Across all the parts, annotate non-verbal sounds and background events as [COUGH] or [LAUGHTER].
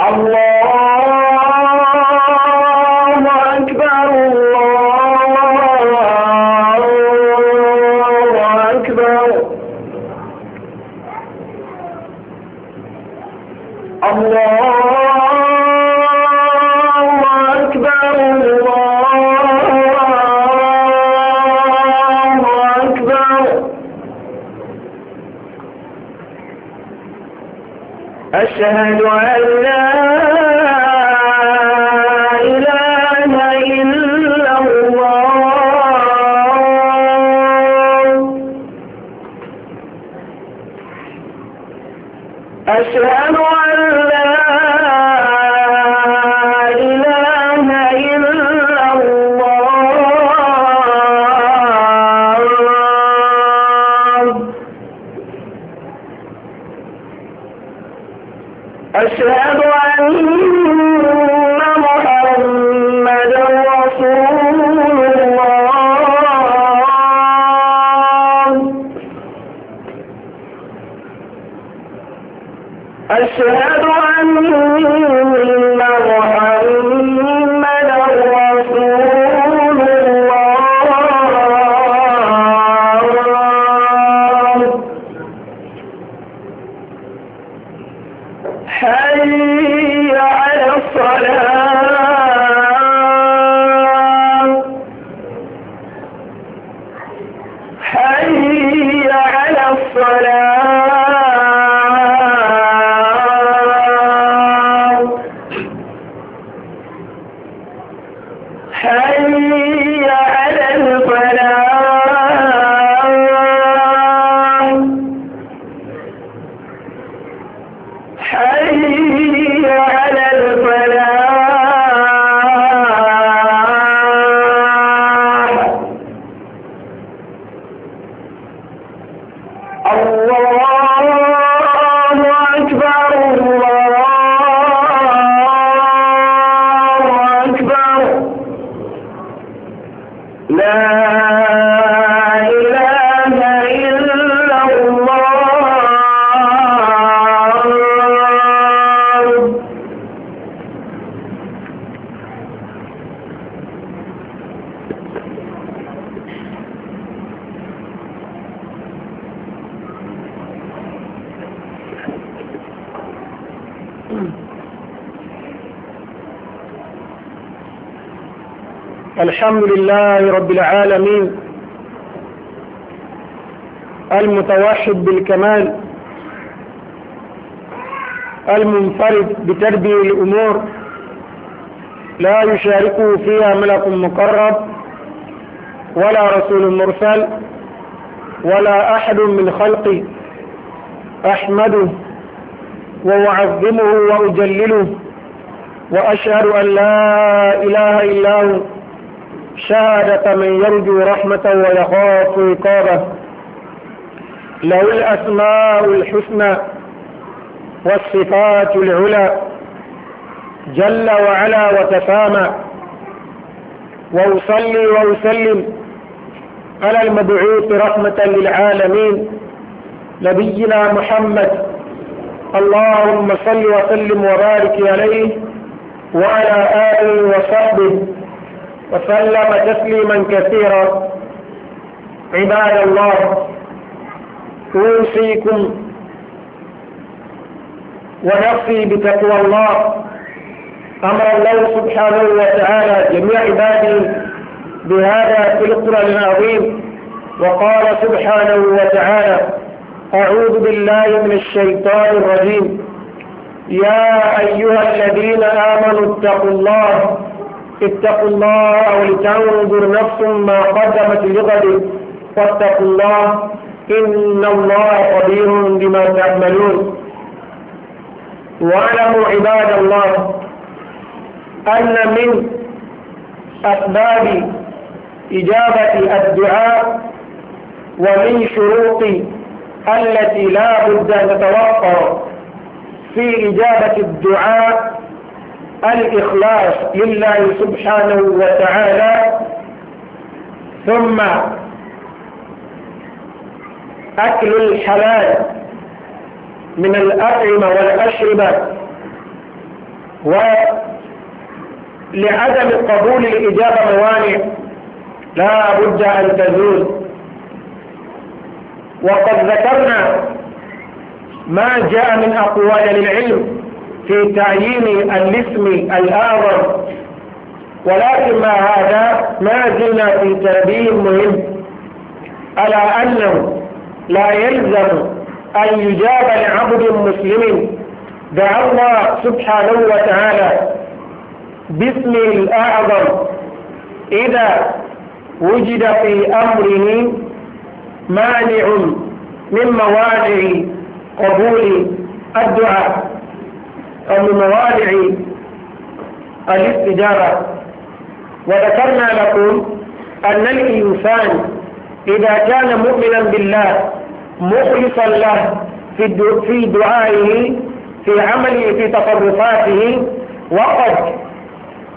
الله الحمد لله رب العالمين المتوحد بالكمال المنفرد بتربية الأمور لا يشاركه فيها ملك مقرب ولا رسول مرسل ولا أحد من خلقه أحمده وأعظمه وأجلله وأشهد أن لا إله إلا هو شهادة من يرجو رحمة ويخاف عقابه له الأسماء الحسنى والصفات العلى جل وعلا وتسامى وأصلي وأسلم على المبعوث رحمة للعالمين نبينا محمد اللهم صل وسلم وبارك عليه وعلى آله وصحبه وسلم تسليما كثيرا عباد الله أوصيكم ونفسي بتقوى الله أمر الله سبحانه وتعالى جميع عباده بهذا في القرآن العظيم وقال سبحانه وتعالى أعوذ بالله من الشيطان الرجيم يا أيها الذين آمنوا اتقوا الله اتقوا الله ولتنظر نفس ما قدمت لغد فاتقوا الله إن الله قدير بما تعملون واعلموا عباد الله أن من أسباب إجابة الدعاء ومن شروط التي لا بد أن تتوفر في إجابة الدعاء الإخلاص لله سبحانه وتعالى ثم أكل الحلال من الأطعمة والأشربة ولعدم قبول الإجابة موانع لا بد أن تزول وقد ذكرنا ما جاء من أقوال للعلم في تعيين الاسم الأعظم ولكن مع هذا ما زلنا في تنبيه مهم على أنه لا يلزم أن يجاب لعبد مسلم دعا الله سبحانه وتعالى باسمه الأعظم إذا وجد في أمره مانع من موانع قبول الدعاء أو من مواضع الاستجابة وذكرنا لكم أن الإنسان إذا كان مؤمنا بالله مخلصا له في دعائه في عمله في تصرفاته وقد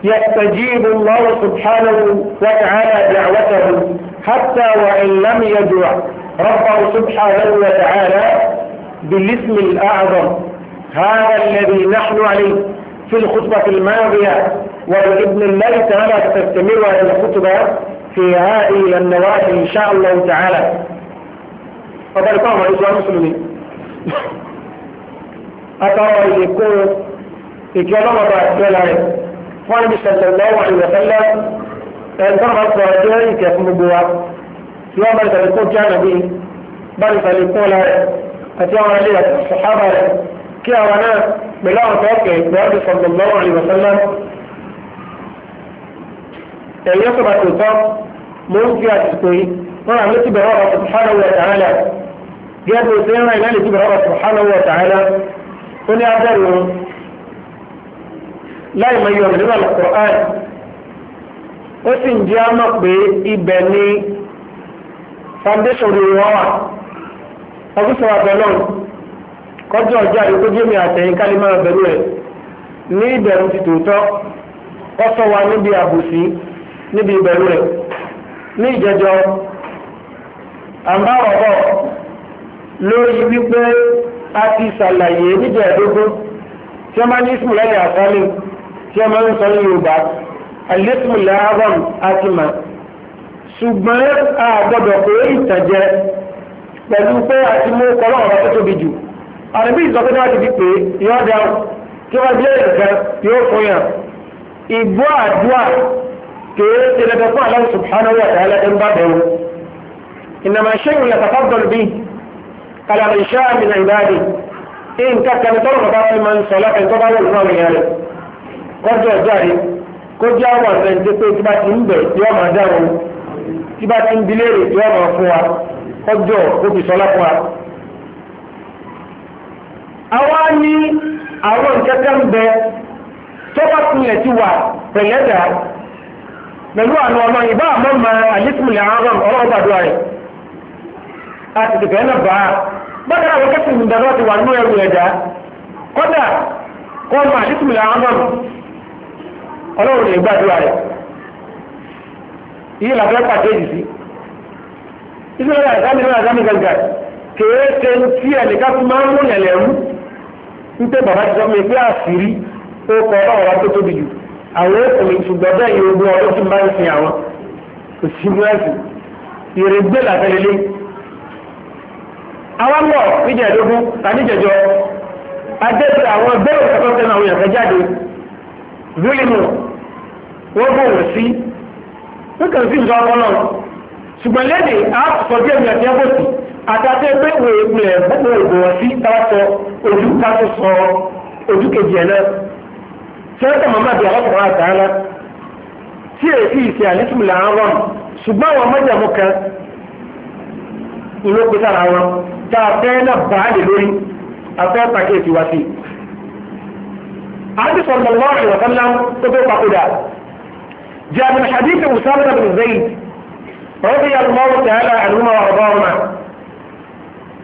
يستجيب الله سبحانه وتعالى دعوته حتى وإن لم يدع ربه سبحانه وتعالى بالاسم الأعظم هذا الذي نحن عليه في الخطبة الماضية والابن الله تعالى تستمر الخطبة في هذه النواحي إن شاء الله تعالى فضل طعم الإسلام المسلمين أترى إذا يكون إجابة مضاعة كلاهي فأنا صلى الله عليه وسلم أن ترى الفراجين كيف مبوا يوم أن تكون به بل فليكون لها أتيار الصحابة kí àwọn náà pẹ̀lú àwọn tó kẹ̀ ìgbọ́dọ̀ sọ̀gbọ̀gbọ́ ìwọ̀sánlá ẹ̀yọ́ sọ̀bà tó tọ́ mo ń fi àtìkò yìí wọ́n àmì ti bẹ̀rẹ̀ ọ̀rọ̀ subhanahu wa ta'ala gẹ́gẹ́ bí o ti ń rìn lẹ́yìn ti bẹ̀rẹ̀ ọ̀rọ̀ subhanahu wa ta'ala kọjọ ọjọ́ àyíkó jẹ́mi àtẹ̀yìn kálí máa bẹ̀rù ẹ̀ ní ìbẹ̀rù ti tòótọ́ ó ṣọ́ wa níbi àbùsí níbi ìbẹ̀rù rẹ̀ ní ìjẹjọ́ àbáwọ̀bọ̀ lórí wípé a ti ṣàlàyé níjẹ̀ẹ́dógún tí wọ́n máa ní ìsìnkú lẹ́yìn àkọ́lé tí wọ́n máa ń sọ ní Yorùbá àlẹ́sìnkú lẹ́yìn àti mà ṣùgbọ́n a gbọ́dọ̀ pé ìtàjẹ pẹ̀lú pé a ti mú kọ́lọ́ tó tóbi jù àrẹ̀bí ìsọpẹ́ náà ti fi pé yọ́ dá tí wọ́n jẹ́ nǹkan yóò fún yàn ìgbọ́ àdúrà kìí ṣe lẹ́tọ̀ fún Allah subhanahu wa ta'ala ń bá bẹ̀rù ìnàmà ṣẹ́yìn yatafaddal bí ala man sha'a min ibadi nǹkan kan tọ́lọ̀ bàbá fi máa ń sọ lápẹ́ tó bá wọ̀lú náà nìyà rẹ̀ kọjọ́ ọjọ́ kó jẹ́ àwọn àgbẹ̀ ń pé tí ti ń bẹ̀ yọ́ máa dáhùn tí ti ń bilé rẹ̀ yọ́ máa fún wa kọjọ́ ó fi sọ lápẹ́ wa àwa ní àwọn nǹkankan bẹ tọ́pọ̀ tilẹ̀ ti wà pẹ̀lẹ́dà pẹ̀lú àwọn ọmọ ìbá àmọ́ ma àlékún lè àárọ̀ rẹ̀ àti tẹ̀fẹ́ náà bá ọ bákan àwọn kẹ́sìn ìdáná ti wà nínú ẹrù ẹ̀dá kọ́dà kọ́ ma àlékún lè àárọ̀ rẹ̀ yìí làbẹ́ pàtẹ́jì sí ìṣẹ́lẹ̀ àdámi kéèké tí ẹnìkan tó máa ń mú yẹn lẹ́rú nítorí bàbá ti sọ mi pé àṣírí ó kọ ọlọ́run wa tó tóbi jù àwọn ọkùnrin ṣùgbọ́n bẹ́ẹ̀ yóò gbọ́ ọdún tí ń bá ń sin àwọn kò sí mú ẹ̀sìn ìrègbè làtẹ̀lélẹ́ àwọn lọ níjẹ̀dógún tàbí jẹjọ adẹ́sẹ̀ àwọn bẹ́ẹ̀ òṣèkọ́ tẹ́nu àwọn èèyàn jáde zulimu wọ́n bò wọ́n sí wọ́n sí ìjọ ọpọlọ ṣùgbọ́n lẹ́nìí àtàtẹ́ pé wò ewu ẹ̀ gbogbo ògbò wọn sí tààtọ̀ ojú tààtọ̀ sọ ojú kejì ẹ̀ náà tí wọ́n tẹ̀ mọ́mọ́ àbí ọlọ́pàá àtàlá tí èsì ìsì àlítùmù là ń rọrùn ṣùgbọ́n àwọn mọ́jàmú kan ìlú pé sára wọn tá a fẹ́ náà bá a lè lórí afẹ́ pàkíyèsí wá sí. àti sọ̀rọ̀ lọ́wọ́ ìwọ̀sánlá tó fẹ́ papòdà جاء من حديث أسامة بن زيد رضي الله تعالى عنهما وأرضاه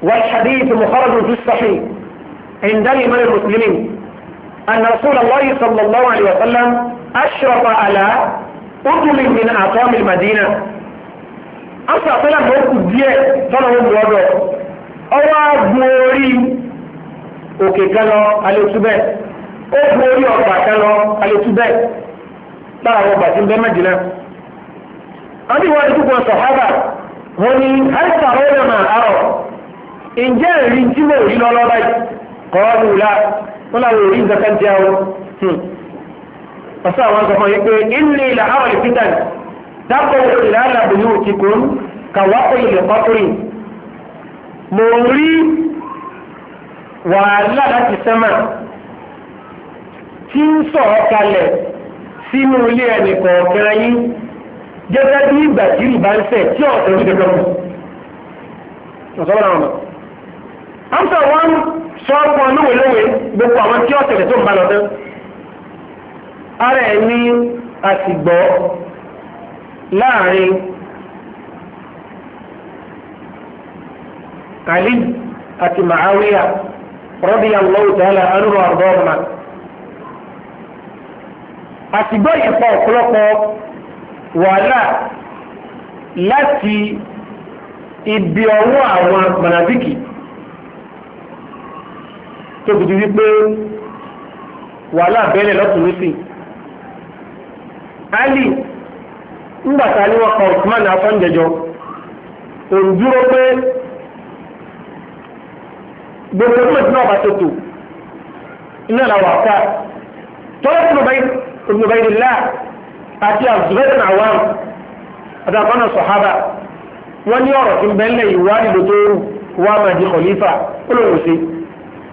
والحديث مخرج في الصحيح عند الإمام المسلمين أن رسول الله صلى الله عليه وسلم أشرف على أطل من أطام المدينة أصلا صلى الله عليه وسلم ọwọ́ agbóorí òkè kan lọ alétúbẹ̀ ó gbóorí ọgbà kan lọ alétúbẹ̀ lára àwọn ọgbà tí ń bẹ mẹ́jìlá wọ́n ní wọ́n ti kúkọ sọ̀hábà wọ́n ní àìsàn ọ̀rọ̀ náà àrọ̀ ǹjẹ́ èrí tí mo rí lọ́lọ́ báyìí kọ́ọ̀lù la wọn làwọn èrí nǹkan kan jẹ́ o hmm. ọ̀sán àwọn sọ fún yín pé ilé ilà àwọn ìpínlẹ̀ dákọ̀ ìlànà bìnú ti kún kàwákò ilẹ̀ kọ́kùnrin mo rí wàhálà láti sẹ́mà tí ń sọ̀rọ̀ gẹ́gẹ́ bí ìgbà tí ìbá amsa wọn sọ fún ọ lówelówe gbogbo àwọn tí ó tẹ̀lé tó ń bá lọ tán ara ẹ̀ ní àsìgbọ́ láàrin Ali àti Ma'awiya radiyallahu ta'ala anhu àrùbọ́ọ̀mà àsìgbọ́ ìpa ọ̀pọ̀lọpọ̀ wàhálà láti ibi ọwọ́ àwọn mọ̀nàbíkì tó fi di wípé wàhálà bẹ́ẹ̀lẹ̀ lọ́kùnrin sí ali ńgbàtà ni wọ́n kọ Usman afọ́njẹjọ òun dúró pé gbogbo ọdún ìdúná ọba tètò iná làwọn àká tọ́lá ibùdó bá ìdílá àti àzùbẹ́sì náà wà àtàkọ́nà sọ̀hábà wọ́n ní ọ̀rọ̀ tí ń bẹ́ẹ̀lẹ̀ ìwádìí lótó wà máa di kọ̀lífà ó lóun ṣe.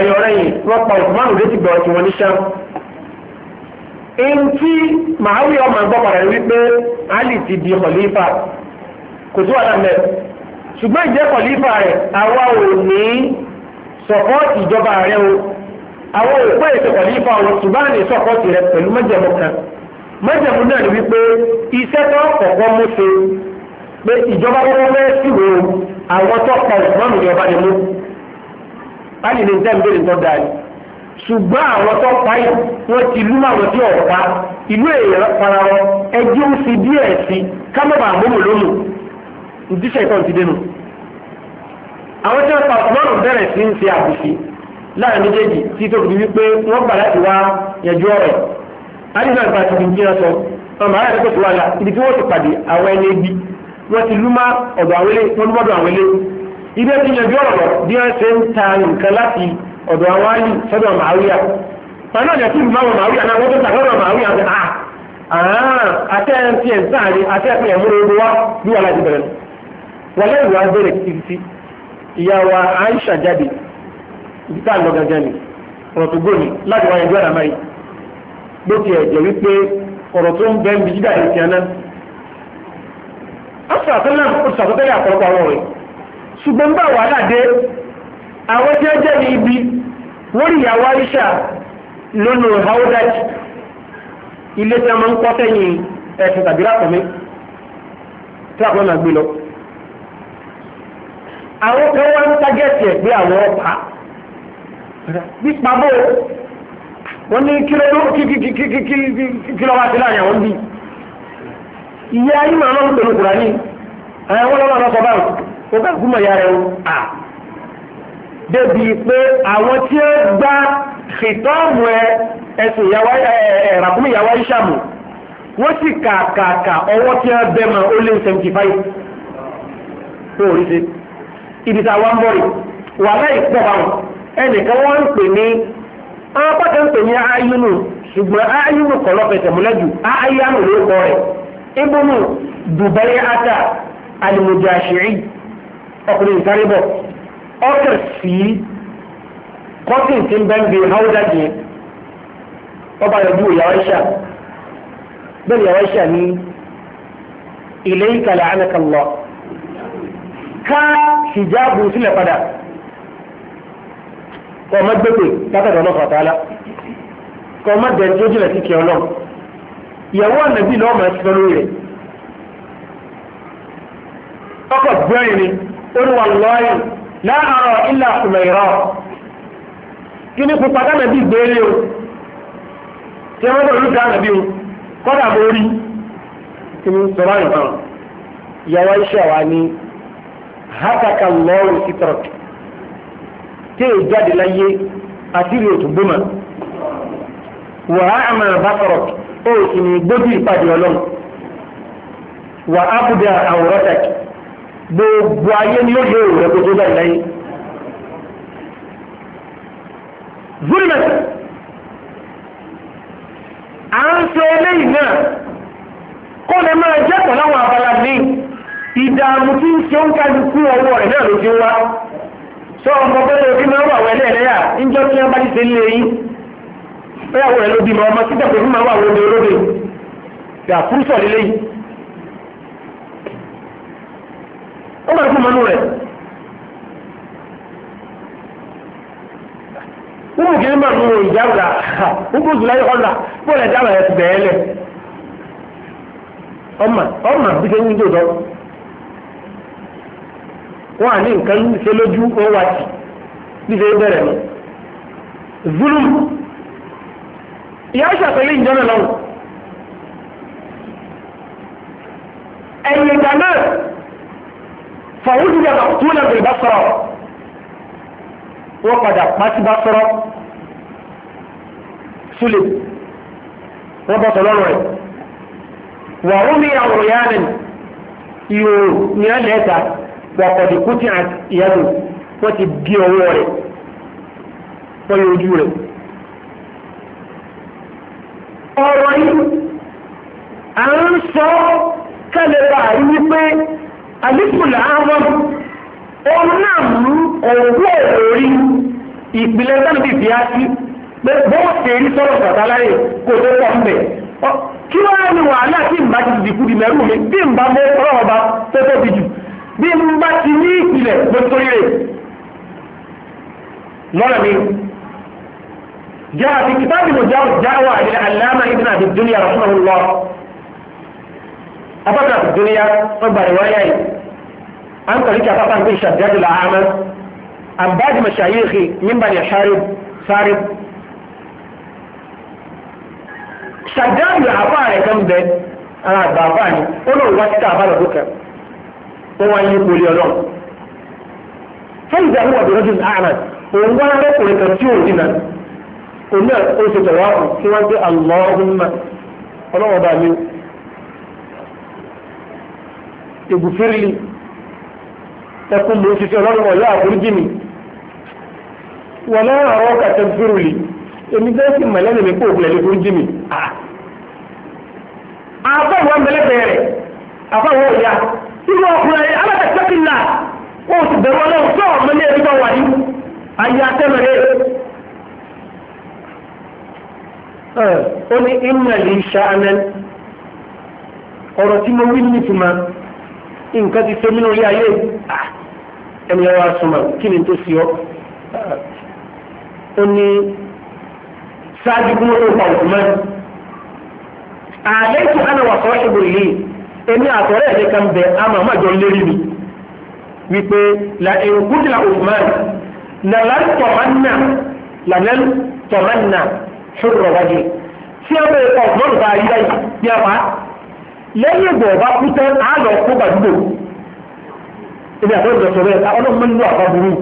ẹ̀yọ rẹ̀yìn wọ́n pa Usman òde ti gbọ́ tí wọ́n ní sẹ́m. ẹni tí màáwí ọmọ ẹgbọ́ padà rí wípé Ali ti di kọ̀lífà kò sí wàhálà mẹ́ ṣùgbọ́n ìjẹ́ kọ̀lífà rẹ̀ àwa ò ní sọ̀pọ́ọ̀tì ìjọba rẹ̀ o àwọn òpó ètò kọ̀lífà o ṣùgbọ́n àní sọ̀pọ́ọ̀tì rẹ̀ pẹ̀lú mẹ́jẹ̀mú kan mẹ́jẹ̀mú náà ni wípé iṣẹ́ tó kọ̀kọ́ mú ṣe pé ìjọba kọ́kọ́ fẹ́ síwèé àwọn tó pa Usman òde ọba ni mú pálí ní tẹ́ ń bèrè tó dáa ni ṣùgbọ́n àwọn tó páyì wọ́n ti lú àwọn tí ọ̀pá ìlú èèyàn para wọn ẹjẹ́ ń fi díẹ̀ sí kámọ́bà àgbóhùn lónìí ìdíṣẹ́ ìtàn ti dénú àwọn tí wọ́n pa ọ̀pọ̀lọ́rùn bẹ̀rẹ̀ sí ń ṣe àbùsí láàrin méjèèjì tí tó fi wípé wọ́n gbà láti wá yẹjú ọ̀rọ̀ àdínà ìgbà ti di lá ibi tí wọ́n ti pàdé àwọn ẹni ẹbí wọ́n ti lú má ọ̀dọ̀ àwọn ilé wọ́n lúmọ́dọ̀ ibi ẹbí yanjú ọ̀rọ̀ bí wọ́n ṣe ń ta nǹkan láti ọ̀dọ̀ àwọn àlì sọ́dọ̀ màáwíà pẹ̀lú ọ̀dẹ̀ tí ìbáwọ̀ màáwíà náà wọ́n tó tà lọ́dọ̀ màáwíà ṣe à àtẹ́ẹ̀ntì ẹ̀ sáàrin àtẹ́ẹ̀pẹ̀ ẹ̀múrò ogun wá bí wà láti bẹ̀rẹ̀ wọ́n lẹ́yìn wá bẹ̀rẹ̀ títí ìyá wa Aisha jáde ibi tá à ń lọ gangan ni ọ̀rọ̀ tó gbòmí láti wáyé ìjọ́ àdámáyé bó ti ẹ̀jẹ̀ wípé ọ̀rọ̀ tó ń bẹ́ bí jíjà ìrìnkì ẹ̀ná. Aṣọ àtẹ́lẹ̀ ó ti ṣàtọ́tẹ́lẹ̀ àpọ̀lọpọ̀ àwọn ọ̀rẹ́ ṣùgbọ́n bá wà láde àwọn tí ó jẹ́ ní ibi wọ́n ìyàwó Aisha lónà haudat ilé tí a máa ń kọ́ sẹ́yìn ẹ̀sùn tàbí lápọ̀mí tí a gbé lọ àwọn kan wá ń tágẹ́ẹ̀tì ẹ̀ pé àwọn ọ̀pá pípamọ́ wọ́n ní kílọ́wà sí láàrin àwọn bí ìyá ayé máa ń àwọn kò bá kú mọ̀ ya rẹ̀ o à débi pé àwọn tí ó gbá ṣètọ́ọ̀mù ẹ ẹ̀sùn ìràkúnmí ìyàwó ìṣàmù wọ́n sì kàkàkà ọwọ́ tí ó bẹ́ mọ̀ ó lé seventy five tó rí sí ibi tá a wá ń bọ̀ rè wà láì pọ̀ báwọn ẹnìkan wọ́n ń pè ní àwọn pàtó ń pè ní ayúnú ṣùgbọ́n ayúnú kọ̀ lọ́pẹ̀tẹ̀ mọ́lẹ́jù ayánú ló kọ́ rẹ̀ ibùnú dùbẹ́yẹ ata alimujashiri ọkùnrin ìsáré bọ̀ ọkẹ̀ sí kọ́tìn tí ń bẹ́ ń bi haúdà yẹn ọba yọjú ìyàwó ìṣà bẹ́ẹ̀ ìyàwó ìṣà ní ilé ìkàlẹ̀ ànàkàlọ́ ká hijabu sílẹ̀ padà kọ́ ọmọ gbẹ́gbẹ́ látàdọ̀ ọlọ́kọ̀ àtàlá kọ́ ọmọ dẹ̀ tó jìnà sí kẹ́ ọlọ́run ìyàwó ànàbí náà máa lórí rẹ̀ ọkọ̀ gbẹ́rin ni قل والله لا أرى إلا حميرا kí ni pupa gánà bí gbélé o tí wọ́n bọ̀rọ̀ lùkà nàbí o kọ́dà mo rí kí ni sọ̀rọ̀ àyùbọ̀n ìyàwó iṣẹ́ wa ni hákàkà lọ́rùn sítọ̀rọ̀ tí èyí jáde láyé àti ìrìn òtún gbọ́mà wà á àmà bá sọ̀rọ̀ ó sì ní gbójú ìpàdé ọlọ́run wà á bùdà àwòrán tàkì gbogbo ayé ni ó lé òwúrẹ́ kó tó bẹ́ẹ̀ lẹ́yìn. zulmet à ń ṣe eléyìí náà kó lè máa jẹ́ pẹ̀lú àwọn abala ní ìdààmú tí ń ṣe ń kájú kú ọwọ́ rẹ̀ náà ló ti wá sọ ọmọ bẹ́ẹ̀ òbí máa ń wà wẹ́lẹ́ ẹ̀lẹ́yà níjọ́ tí wọ́n bá ti ṣe ń lé yín bẹ́ẹ̀ àwọn ó gbàdúrà fún mọ́nú rẹ̀. wọ́n mú kiri máa mú ìjáàbùdà wọ́n kó láyé ọ̀dà bọ́ọ̀lù ẹ̀dáàbà ẹ̀ bẹ̀ẹ́ lẹ̀ ọmọ ọmọ bí ṣe ń jò dọ́ wọ́n à ní nǹkan ṣe lójú wọ́n wá sí bí ṣe bẹ̀rẹ̀ lọ zulum ìyá ṣàtẹ̀lẹ́ ìjọ́nà lọ́wọ́ ẹ̀yìn ìgbà náà fàwùjúdà màkútúlà bèrè bá sọ̀rọ̀ wọ́n padà pàtí bá sọ̀rọ̀ súlè wọ́n bọ́ sọ̀rọ̀ rẹ̀ wà ó ní àwọn ìyáàrin ìhò ní alẹ́ wà kọ̀dì kútì àti ìyàdù wọ́n ti bí ọwọ́ rẹ̀ wọ́n yóò ojú rẹ̀ ọ̀rọ̀ yìí à ń sọ kálẹ̀ bá rí wípé àdínkùlà àwọn òun náà mú òwú òórí ìpìlẹ̀ sánà bíi fi á sí pé bọ́ọ̀ ṣe rí sọ̀rọ̀ sọ̀tà láyè kò tó pọ̀ ń bẹ̀ kí wọ́n á ní wàhálà tí n bá ti dìkú di mẹ́rù mi bí n bá mọ́ ọ̀rọ̀ ọba tó tóbi jù bí n bá ti ní ìpìlẹ̀ mo torí rẹ̀ lọ́rọ̀ mi جاء في كتاب مجاوز دعوة إلى علامة ابن أبي الدنيا رحمه الله afọ́tà dúníyà wọ́n gbà ìwáyà yìí a ń kọ̀rí kí afọ́tà ń pè ṣàdíyàtò làámà àbájì mọ̀ṣáyéèkì nígbà ní ṣárib ṣárib ṣàdíyàtò làáfà rẹ̀ kan bẹ ara àgbà àfà ni ó lóun wá sí káàbà lọ́dún kan wọ́n wá yí kúlẹ̀ ọlọ́run fẹ́yìntì àwọn ọ̀dọ́ lọ́dún àmà òun wá rẹ́kùnrin kan tí ò ní òun náà ó ṣe tọ̀wọ́ kí wọ́n gbé àlọ́ ìgbùfírìlì ẹkùn mú ṣiṣẹ́ ọlọ́run ọ̀yá àforíjì mi wọ́n náà àwọn ọkà tẹ́gbùfírìlì èmi jẹ́ sí mọ̀lẹ́nì mi kó ògùnlẹ̀ lẹ́foríjì mi àbọ̀wọ̀ mẹ́lẹ́bẹ̀ẹ́ rẹ̀ àbọ̀wọ̀ ọ̀yá inú ọkùnrin alábẹ̀tẹ́kìlá ó sì bẹ̀rù ọlọ́run tó ọmọ ní ẹ̀rí bá wà ní ayé atẹ́mẹ̀rẹ́ ó ní ìmọ̀lẹ́ ọ̀rọ̀ tí mo wí ní ìtumọ̀ nǹkan ti ṣe mínú orí ayé ah, ẹni ọwọ́ asùnmọ̀ kí ni tó sí ọ ah, ó ní ṣáájú kí wọ́n tó pa òkú mọ́ ààrẹ tó hánà wà sọ́wọ́ ṣe bòrè yìí èmi àtọ̀rẹ́ ẹ̀dẹ́ kan bẹ̀ àmọ́ àmàjọ lérí mi wípé la èròkú ti la òkú mọ́ nàlá tọ̀mánà lànà tọ̀mánà ṣòro wájú tí a bẹ̀rẹ̀ pa òkú mọ́ lẹ́yìn ìgbà ọba kú tẹ́ á lọ kó gbàdúgbò ibi àtọ́jú ọ̀sọ̀ rẹ̀ ọlọ́run mẹ́lú àbá burú.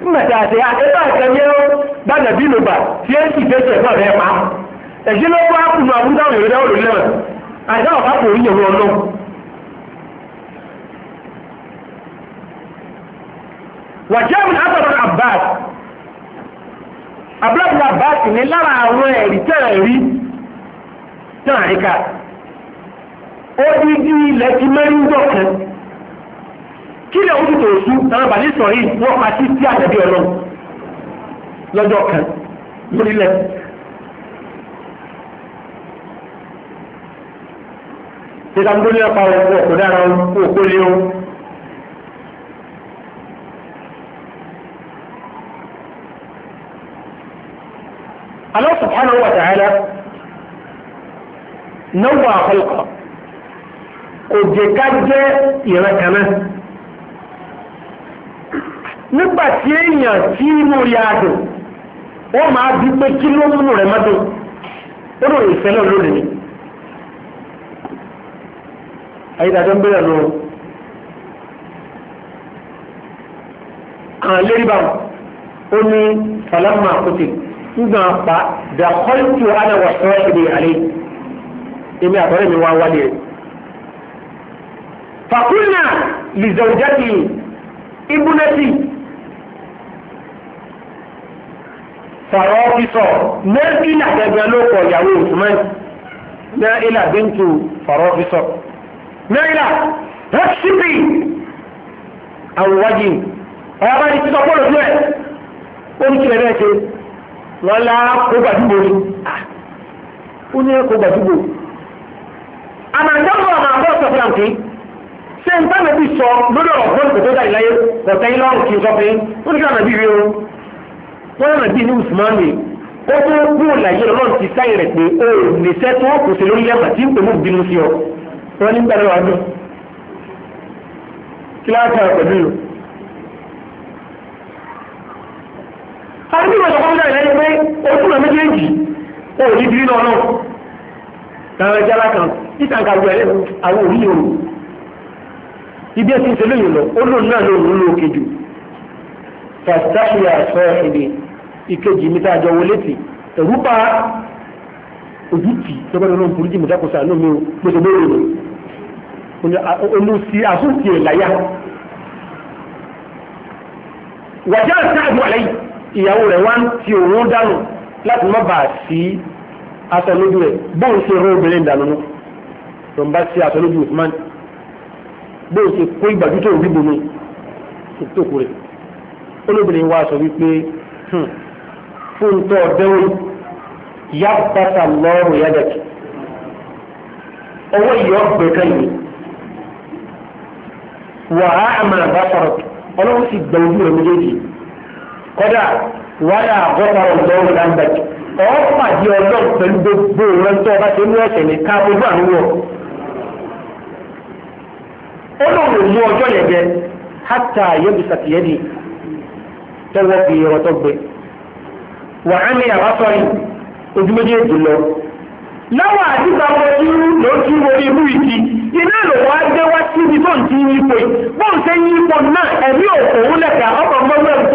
nígbàtí àti àtẹ́tà ìkẹ́yẹ́ ó gbàgbà bí ló bà tí ó sì fẹ́ sẹ̀kọ́ rẹ̀ pa ẹ̀jí ló wá kùnú àbúdá òyìnbó dáwọ̀ lórí lẹ́wọ̀n àìsàn ọ̀ká kò rí ìyẹ̀wò ọlọ́run. wàjẹ́ mi àtọ̀rọ̀ Abbas abúlé àbáàtì ní lára àwọn ẹ̀rí tẹ̀rẹ̀ rí náà ríka odidi ilẹ̀ ti mẹ́rin jọ kan kí lè ojú tó sú àwọn bàbá sọ yìí wọ́n pa sí sí àtẹ̀bí ọlọ́run lọ́jọ́ kan lórílẹ̀ ìdàgbòlẹ́ ọ̀pá ọ̀pọ̀ ọ̀pọ̀ dára ọ̀pọ̀ òkúlé ọ̀pọ̀ Allah سبحانه وتعالى ta'ala خلقه àkọlùkọ kò jẹ ká jẹ́ ìran kan náà nígbà tí èèyàn tí inú rí adùn wọ́n máa bí pé kí ló múnú rẹ̀ mọ́dún ó lò ìfẹ́ náà lónìí ayídájọ́ ń bẹ̀rẹ̀ lóòrùn àwọn lérí bá ó ní fàlámà kùtì nígbà pa dàkọ́lùtù aláwọ̀ sọ èdè àlẹ́ èmi àtọ́rẹ́ mi wá wálé rẹ̀. fàkúnà lìzọ̀jáde ibùnẹ́tì sọ̀rọ̀ ọ́fíìsọ̀ nẹ́ẹ̀fìlà gẹ́gẹ́ ló kọ ìyàwó òṣùmẹ́ nẹ́ẹ̀là bíntù sọ̀rọ̀ ọ́fíìsọ̀ nẹ́ẹ̀là rẹ́ṣípì àwòwájì ọ̀yàbá ni títọ́ pọ́lọ̀ fún ẹ̀ ó ní kí lẹ́ẹ̀ẹ́ wọ́n lá kó gbàdúgbò ni ó ní kó gbàdúgbò àmàǹdọ́gbọ̀ àmàǹdọ́ sọ̀fúnra nkì ṣé n táwọn ẹbí sọ lórí ọ̀rọ̀ fún ìkòtò ìdá ìláyé ọ̀tẹ́ ìlọrùn kì í sọ pé ó ní káwọn ẹbí rí o wọ́n náà bí ní usmani ó tó kú òlàyé ọlọ́run ti sáyé rẹ̀ pé ó lè sẹ́ tó kò sí lórí ẹ̀fà tí ń pè mú bínú sí ọ wọ́n ní gbàdúrà ọdún kíláàsì ọ̀pẹ̀lú àti ìwé ìtọ́kọ́ nílẹ̀ lẹ́yìn pé ojú rẹ̀ méjèèjì ó ní bí náà náà ẹ̀rọ ẹja lákan ìtànkà gbẹ àwọn òrí òru ibi ẹ̀sìn ìṣẹ̀lẹ̀ yìí lọ ó lòun náà lòun ló kejì fàtàkìyà sọ èdè ìkejì níta àjọ wọlé tì ẹ̀rú pa ojú tì lọ́gbọ́n náà burú jì mọ̀dákùsà náà mi ò gbèsè bóyá òru olùsí àsùnkì ẹ̀ láyà wàjá sáàbù àlẹ́ yìí ìyàwó rẹ̀ wá ń ti òun dànù láti má bàa sí aṣọ lójú rẹ̀ bóun ṣe obìnrin bá Usman bóun ṣe kó ìgbàjú tó rí bomi rẹ̀ olóbìnrin wa sọ wípé hmm, fún tó ọdẹ́wò yá pátá lọ́rùn yádàkì owó yìí ọgbẹ́ yìí wàá àmàlà bá sọ̀rọ̀ ọlọ́run sì kọ́dà a àgọ́tàrọ̀ lọ́wọ́ làǹdàjì ọ̀ọ́ ndọrọ ọlọ́run pẹ̀lú gbogbo rẹ̀ ndọrọ ndọrọ tó ń ní ká ojú àníwọ̀ ó lóun ò mú ọjọ́ yẹn jẹ hátà yẹ́bi sàtìyẹ́dì fi wà á ní ojú méjèèjì lọ láwọn àdìgbà ló ti ibú ìdí iná ló wá dé wá síbi tó ń ti bóun ṣe náà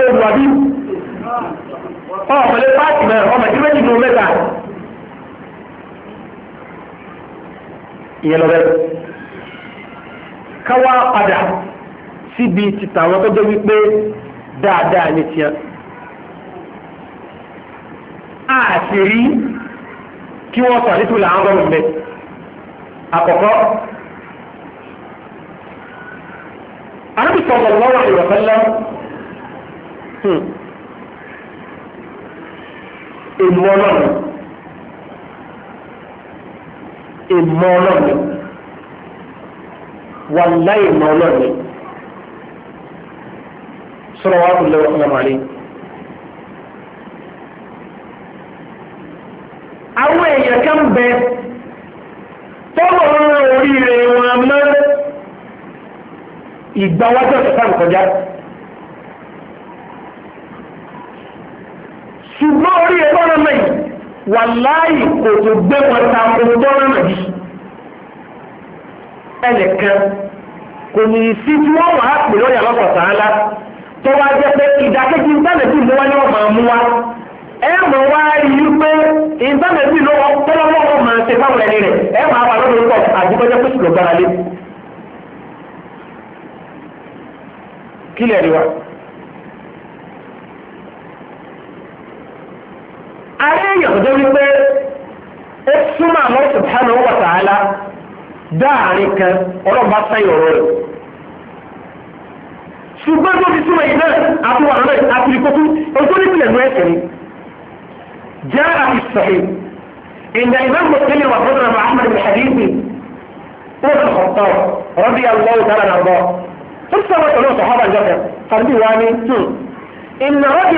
ẹ̀mí ọmọdé páàkì mẹ́rin ọmọ tí méjì nù mẹ́ta ìyẹn lọ bẹ́ẹ̀ káwá padà síbi títà àwọn tó jẹ́ wípé dáadáa ní tiẹ̀ a sì rí kí wọ́n sọ àdítù làwọn gbọ́n mẹ́ àkọ́kọ́ arábìsọ̀rọ̀ lọ́wọ́ ìrọ̀fẹ́lẹ́ èmọ́ ọlọ́run èmọ́ ọlọ́run wà láì mọ́ ọlọ́run sọ̀rọ̀ wa kò lẹ́wọ́ ọmọ rẹ̀. àwọn èèyàn kan bẹ tọ́lọ̀ ń oríire wọn mọ́ ìgbà wájú ọ̀sán kọjá. wàláì kò tó gbé wọn ta ọdọ́rọ̀ yìí ẹnìkan kò ní sí tí wọ́n wàá pè lọ́yà lọ́sọ̀tàn ńlá tó wá jẹ́ pé ìdákejì ìtànẹ́bì ló wá ní wọ́n máa mú wa ẹ mọ̀ wá yìí pé ìtànẹ́bì ló wọ́n tọ́lọ́wọ́ wọn máa ṣe fáwọn ẹni rẹ̀ ẹ máa wà lọ́dún pọ̀ àdìgbọ́jẹ́ pé sùlọ gbára lé rí wa. ayé èèyàn jẹ́ wípé ó súnmọ́ àwọn subhanahu wa ta'ala dáàrin kan ọlọ́ba sẹ́yìn ọ̀rọ̀ rẹ̀ ṣùgbọ́n tó fi súnmọ́ yìí náà àti wà lọ́rẹ̀ àti ìkókú ojú ní ìpìlẹ̀ lóyè kẹrin jẹ́ àti sọ̀hìn ìgbà ìmáà mùsùlùmí wà fún ọmọ ahmed hadithi wọ́n fi kọ̀ọ̀tọ̀ rọ́bì allah ta'ala nà bọ́ ó sọ wọn pẹ̀lú sọ̀hábà jọ́kẹ̀ fàdúbì wá ní tù ìnà rọ́bì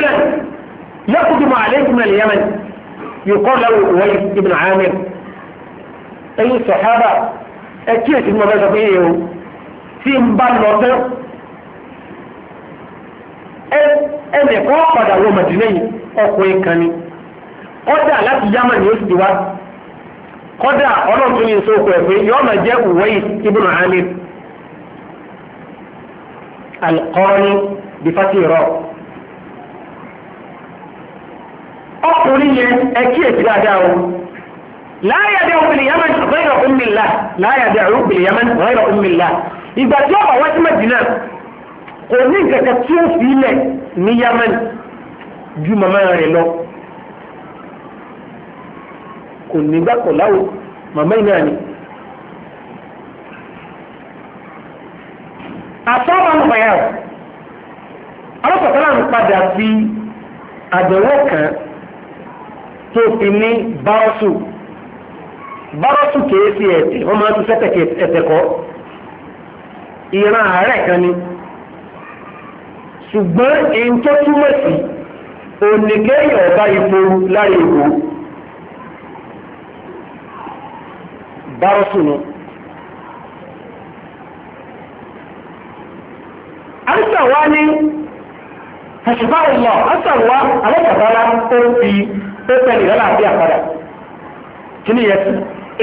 يقدم عليكم من اليمن يقال له وليد بن عامر أي الصحابة أكيد المبادئ فيه في مبالغة ẹnì kan padà wọ màdínlẹ́yìn ọkùnrin kan ni kọ́dà láti yámà ni ó sì wá kọ́dà ọlọ́tún yìí sókò ẹ̀ pé yọ́ máa jẹ́ Uwais ibn Amir al-Qurani bí fásitì rọ̀ ọkùnrin yẹn ẹ kíyèsí dáadáa o láyàdé òbí yaman ghayra ummillah láyàdé òbí yaman ghayra ummillah ìgbà tí ọba wá sí Madina kò ní nǹkan kan tí ó fi ilẹ̀ ní yaman ju màmá rẹ̀ lọ kò nígbà kò láwo màmá yìí náà ni. àtọ́wà ń pẹ̀yà ọlọ́pàá tó náà ń padà fi àdéhùn kan tó fi ní bárọ́sù bárọ́sù kìí fi ẹ̀tẹ̀ wọ́n máa ń sẹ́tẹ̀ ìran ààrẹ kan ni ṣùgbọ́n èyí tó túmọ̀ sí oníkéyìn ọba ipò láyé ìbò bárọ́sù ni. àìsàn wa ní àṣìbáwò lọ àìsàn wa alẹ́ fi. pépè ní lọ́la àti àpadà kíni yẹ sí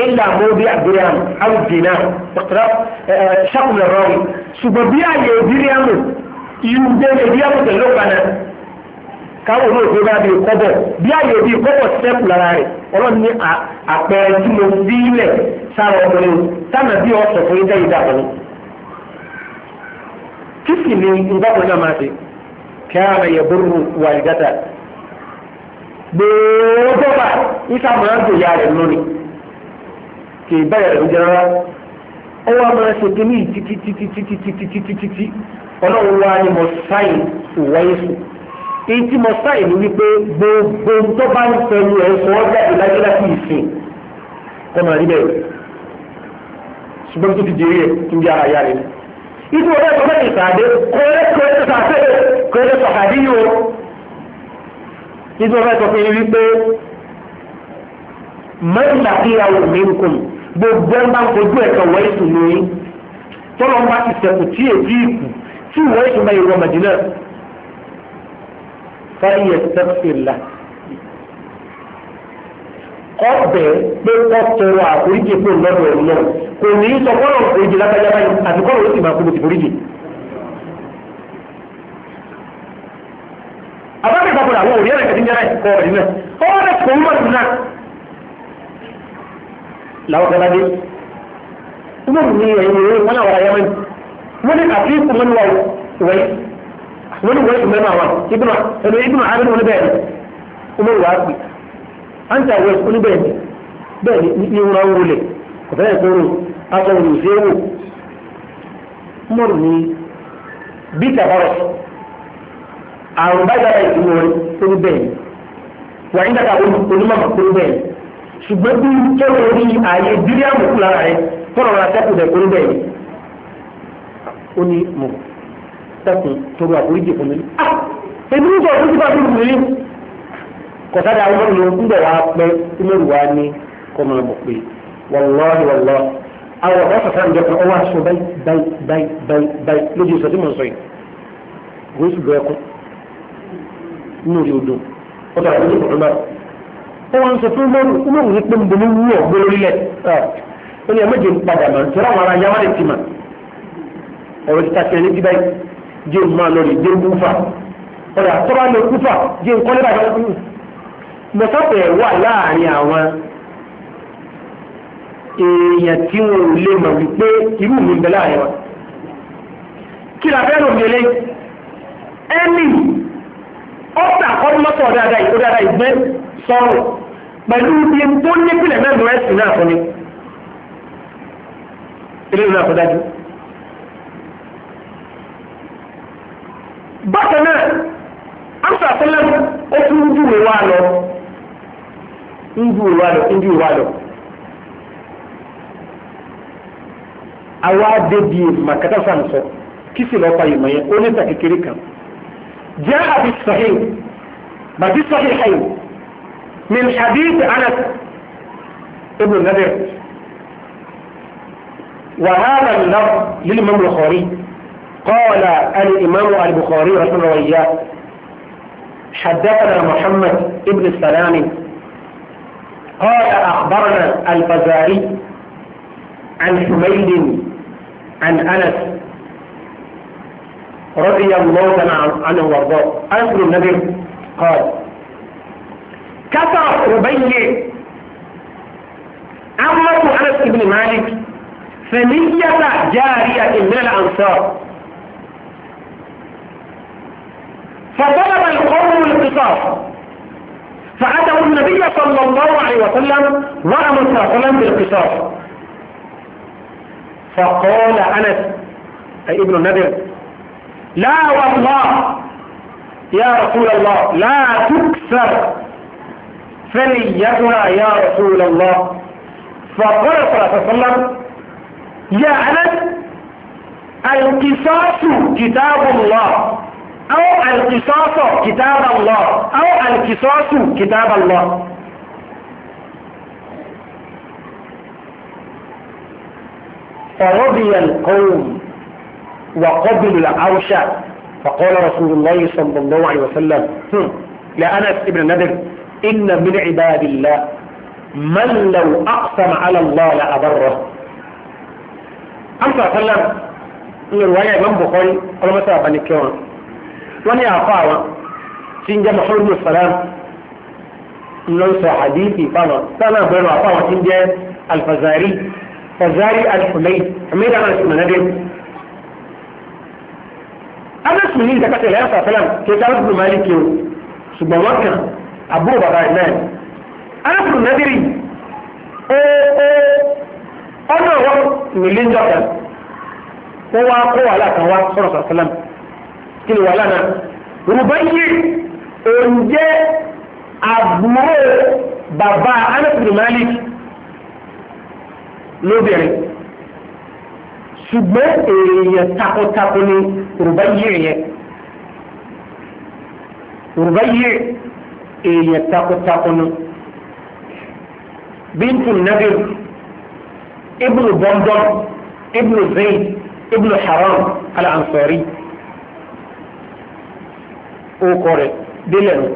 ilà mọ́bí àbíríàmù àwùjìnà ṣàkùnrin rọrùn ṣùgbọ́n bí àyè ìbíríàmù ìlú dé ìbíríàmù tẹ̀lé òkànnà káwọn olóògbé bá bí kọ́bọ̀ bí àyè bí kọ́bọ̀ sẹ́kù lára rẹ̀ ọlọ́run ní àpẹẹrẹ tí mo fi ilẹ̀ sára ọkùnrin sáànà bí ọ̀sọ̀ fún ilé ìdá kí sì ni ìbákan náà máa ṣe kí á yẹ bóró wàlígátà gbogbo tó bá yíká máa ń gbòòyà rẹ̀ lónìí kì í bẹ̀rẹ̀ ló jẹrọ ó wá máa ṣe kí ní títítítítítítítítítítí ọlọ́run wá sáyìn ìwọ yéṣu èyí tí sáyìn wípé gbogbo tó bá ń sẹ́nu ẹ̀ sọ ọ́ jáde láyé láti ṣùgbọ́n tó ti di orí ẹ̀ ara yá rẹ̀ ní. ìdúró bẹ́ẹ̀ tó ìsàdé títí wọ́n fẹ́ sọ fún yín wípé mẹ́rìnlá kí ìyàwó mi ń kùn gbogbo ẹ̀ máa ń kojú ẹ̀kọ́ wọ́n ètò lóyún tọ́lọ́ ń bá ti sẹ̀kù tí èdè ìkù tí wọ́n ètò bá ìwọ màdínà fáyẹ̀ sẹ́fìlà ọbẹ̀ pé kọ́tọ̀ọ̀ àforíjì fún lọ́dọ̀ ẹ̀ náà kò ní í sọ fọ́nà òjì lágbàjá báyìí àti kọ́nà ó sì máa kó mo ti foríjì. abájá ìpapòdà àwọn òrí ẹ̀rẹ̀ kẹtí jẹ́rẹ̀ kọ́ ọ̀rẹ́ nílẹ̀ ó wọ́n lè kò wúmọ̀ tún náà làwọn kan lábẹ́ wọ́n ní ẹ̀yìn ìwé wọn làwọn ayé wọn wọ́n ní àfi ìkùnmọ́ ní wọ́n wọ́n ní wọ́n ìkùnmọ́ ní àwọn ìbùnà ẹ̀rọ ìbùnà àbẹ̀ ní bẹ́ẹ̀ ni wọ́n wà á pè á ń ni bẹ́ẹ̀ ni ìwúra àrùn bá yára ìdúró rẹ tó ń bẹ̀rẹ̀ wà ní dàkà onímọ̀mọ̀ tó ń bẹ̀rẹ̀ ṣùgbọ́n bí tó ń rí ààyè bílíọ̀mù kú lára rẹ fọ́nà ra sẹ́kù rẹ̀ tó ń bẹ̀rẹ̀ ó ní mọ̀ sẹ́kùn tó rọ àforíjì fún mi. Ah, èmi ń sọ fún sípà fún mi rí kọ̀sádà àwọn ọmọ ìlú ń bẹ̀ wá pẹ́ tí mo rù wá ní kọ́mọ ọmọ pé wàlọ́ọ̀hì wàlọ́ọ̀ àwọn ọ̀gá sọ̀tàn ìjọba ọwọ́ aṣọ báyìí báyìí báyìí báyìí lójú ìsọ̀tí mọ̀ sọ inú rí odò ọ̀dà àbúrò ọ̀dà ó wá ń sọ fún mọ́rù mọ́rù ní pé mbọ̀ ní wú ọ̀gbọ́ lórílẹ̀ ah. ó ní ẹ̀mẹ́jẹ̀ ń padà mà nítorí àwọn ará yàrá ti mà ọ̀rọ̀ ti tàkì ẹni díbáyì jẹ́ mọ́ àná rí jẹ́ kúfà ọ̀dà tọ́ba lè kúfà jẹ́ nkọ́lé bàbá mọ̀sáfẹ̀ wà láàrin àwọn èèyàn tí wọn ò lè mọ̀ wípé irú mi ń láàrin wọn kí làbẹ́rù mi ọ́pẹ́ àkọ́dúnmọ́sọ̀ dáadáa ìkó dáadáa ìgbé sọ́rùn pẹ̀lú ibi tó nípìnlẹ̀ mẹ́rin ẹ̀sìn náà fún ni ilé ìlú àkọ́dájú. bákan náà amsa sẹ́lẹ̀m ó tún ń ju ìwà lọ ń ju ìwà lọ ń ju ìwà lọ. àwa débi màkàtà sàǹsọ kí sì lọ́ọ́ fa ìmọ̀ yẹn ó ní ìtà kékeré kan. جاء في الصحيح ما في الصحيحين من حديث أنس ابن النذر وهذا اللفظ للإمام البخاري قال الإمام البخاري رحمه الله حدثنا محمد ابن السلام قال أخبرنا الفزاري عن حميد عن أنس رضي الله تعالى عنه وارضاه أخر النبي قال كفى أبي أمة أنس بن مالك ثنية جارية من الأنصار فطلب القوم القصاص فأتوا النبي صلى الله عليه وسلم وأمر صلى الله عليه وسلم بالقصاص فقال أنس أي ابن النبي لا والله يا رسول الله لا تكسر فنيتنا يا رسول الله فقال صلى الله عليه وسلم يعلم القصاص كتاب الله أو القصاص كتاب الله أو القصاص كتاب الله فرضي القوم وقبل العرش فقال رسول الله صلى الله عليه وسلم لأنس ابن النذر إن من عباد الله من لو أقسم على الله لأبره أمسى أسلم إن رواية من بخاري قال ما سأبني كيوان وأنا أعطاها سنجا محمد السلام ليس حديثي فما سنة بين أعطاها سنجا الفزاري فزاري الحميد حميد أنا اسم النذر anas mi ní ìdákàtà ilẹ̀ ẹ̀fà fẹ́lẹ̀ kí ká lọ́dún máa kí o ṣùgbọ́n wọ́n kàn àbúrò bàbá rẹ̀ náà anas mi nẹ́dìrì ọ̀nà wọn nílé njọ́kà wọ́n wá kó wàhálà kan wá sọ̀rọ̀ sàfẹ́lẹ̀ kí ni wàhálà náà rúbọ yìí oúnjẹ àbúrò bàbá anas mi máa lóbìnrin ṣùgbọ́n èèyàn takotako ni òrùbá yìí yẹn òrùbá yìí èèyàn takotako ni bíntu nadir ibnu bọ́ndọ́n ibnu zayd ibnu haram al-ansari ó kọ́ rẹ̀ délẹ̀ nù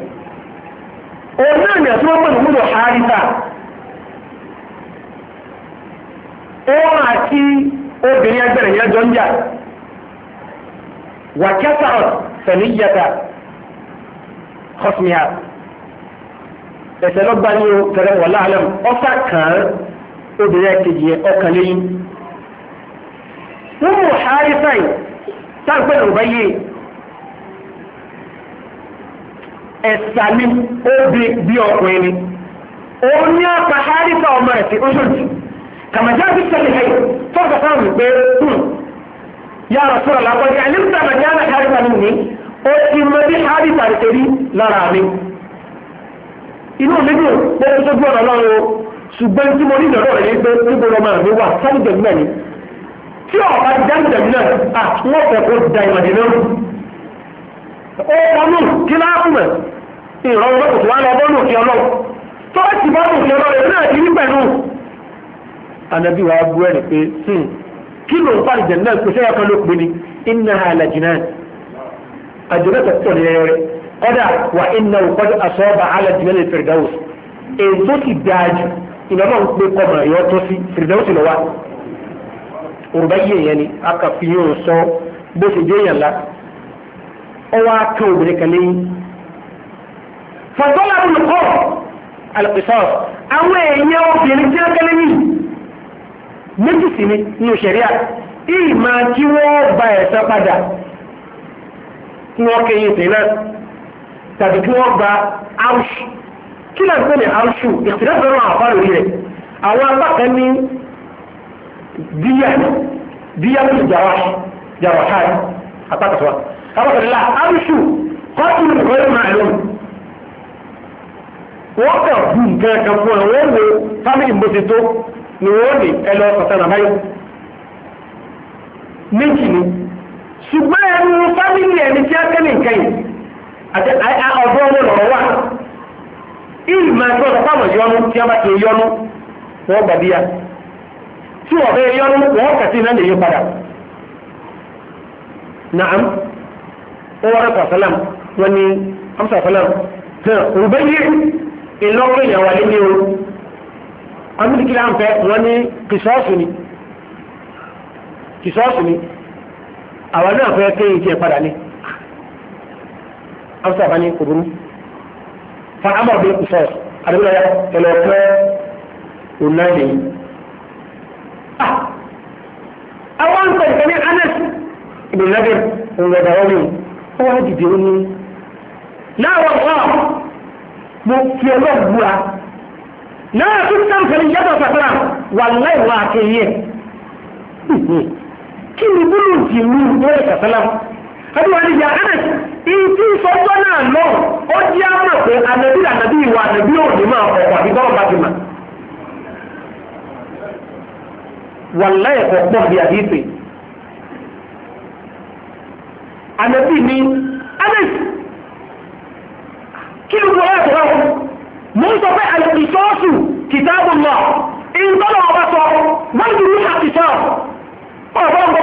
òun náà ní àti wọ́n pẹ̀lú múlò harita òun àti obìnrin ẹgbẹ̀rẹ̀ yẹn jọ ń jà wà kẹsàn-án fẹ̀mí yẹta kọ́sìmíà ẹ̀sẹ̀ lọ́gbà ní o tẹ̀rẹ̀ wọ̀ láàlẹ́m ọ́fà kàn án obìnrin kejì yẹn ọkàn lẹ́yìn wọ́n mú hàrífàì táǹpẹ̀ lọ́gbà yìí ẹ̀sà ni ó bí ọkùnrin ni òun ní ọ̀pá hàrífà ọmọ ẹ̀sìn oṣooṣù kàmá já sí tẹ̀lé ẹ̀yẹ fọ́ọ̀kà sáà wù pé yà á sọ̀rọ̀ làkọ́ ní àlẹ́ nígbà màjá náà kárí ta nínú mi ó ti mọ bí hárí ta rẹ̀ tẹ̀lé lára mi. inú mi dùn pé ó sójú ọ̀nà lọ́rùn o ṣùgbọ́n tí mo rí ìdọ̀rọ̀ rẹ̀ ní pé níbo lọ́mọ mi wà sábìjẹ̀ mi náà ni lọ bọ́ọ̀lù kí ọlọ́run tó bá bọ́ọ̀lù kí ọlọ́run náà ti rí pẹ̀lú anabi wa bú ẹ̀rì pé hmm, kí ló ń pa àlìjẹ̀ náà kò sẹ́yà kan ló pè ní iná àlàjìnà àjọ̀dá tó pọ̀ nìyẹn rẹ̀ ọ̀dà wà iná òkọ́jú àsọ́ọ̀bà àlàjìnà lè Firdaus èyí tó sì dáa jù ìnáwó ń pè kọ́mọ̀ ẹ̀yọ́ tó sí Firdaus lọ́wọ́ òrùbá yìí yẹn ni a kà fi yóò sọ bó ṣe jẹ́ yàn la ọwọ́ aká obìnrin kan lẹ́yìn fọ̀tọ́lá olùkọ́ àlùkùsọ̀ àwọn èèyàn obìnrin tí wọ́n kẹ́lẹ́ yìí méjì sí ni ní òṣèríà ìyí máa kí wọ́n gba ẹ̀san padà kí wọ́n kéyìn sí náà tàbí kí wọ́n gba áùṣù kí náà gbé ní áùṣù ìtìlẹ́sọ̀rọ̀ náà àfáà lórí rẹ̀ àwọn apákan ní díyà díyà tó jàwá jàwá ṣáà apákan sọ́wọ́ apákan nílá áùṣù kọ́tùnù ìwọ́n máa lónìí wọ́n kà bù nǹkan kan fún ẹ̀ wọ́n wo fámìlì mbọ́sẹ̀ tó ni wọ́n ní ẹlọ ọ̀sán àbáyé méjì ni ṣùgbọ́n ẹnu fámìlì ẹni tí a tẹ́lẹ̀ nǹkan yìí àti ọ̀dọ́ ọmọ lọ́rọ̀ wà ìlú máa gbọ́ ọ̀sán fáwọn yọnu tí a bá ti yọnu wọ́n gbàdíyà tí wọ́n fẹ́ yọnu wọ́n kàtí náà lè yí padà na'am ó wọ́n rẹ̀ sàlám wọ́n ní amsa sàlám tẹ̀ rùbẹ́yì ìlọ́kùnrin yàwá lé amílíkì là ń fẹ́ wọ́n ní kìsọ́ọ̀sù ni kìsọ́ọ̀sù ni àwọn náà fẹ́ kéyìn tí ẹ padà ní amsaba ní kòbúrú fa amọ̀ bí kìsọ́ọ̀sù àdúgbò ya ẹlọ pẹ́ òun náà nìyí. àwọn ń pẹ̀lú ní Anas ibn òun gbẹ̀dọ̀ wọ́n náà tún sàǹfẹ̀lì yàtọ̀ sàfẹ́rà wà láì wà kéye kí ni búlù ti mú lórí sàfẹ́lá adúwàlì yà ánà ìtì ìfọ́jọ́ náà lọ ó jẹ́ àmọ̀ pé ànàbí ànàbí ìwà ànàbí òní máa ọ̀pọ̀ àbí tọ́rọ̀ bá ti mà wà láì ẹ̀kọ́ pọ̀ bí àdífẹ́ ànàbí ni ánà kí ni wọ́n yà tó mo ń sọ pé àlẹ́kìtọ́ọ̀sù kìtàbù lọ ìtọ́lọ̀ ọba sọ wọ́n ti rí àkìtọ́ ọ̀pọ̀ ọ̀pọ̀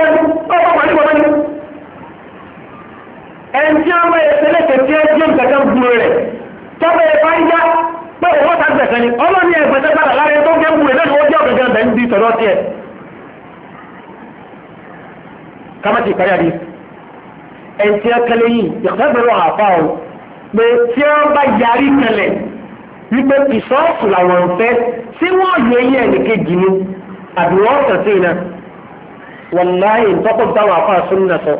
ẹni tí a ń bá ẹsẹ̀ lẹ́kẹ̀ẹ́ tí ẹ jẹ́ nǹkan kan gbúre rẹ̀ tọ́pẹ́ ẹ̀ bá ń já pé òwò ta gbẹ̀sẹ̀ ni ọlọ́ni ẹ̀gbẹ̀sẹ̀ padà lára tó jẹ́ gbúre náà ni wọ́n jẹ́ wípé ìsọ́ọ̀sù làwọn ń fẹ́ tí wọ́n yẹ yẹ ẹnìkejì ni àbí wọ́n sọ sí iná wàláyé ntọ́kọ̀ táwọn afọ àsúnnà sọ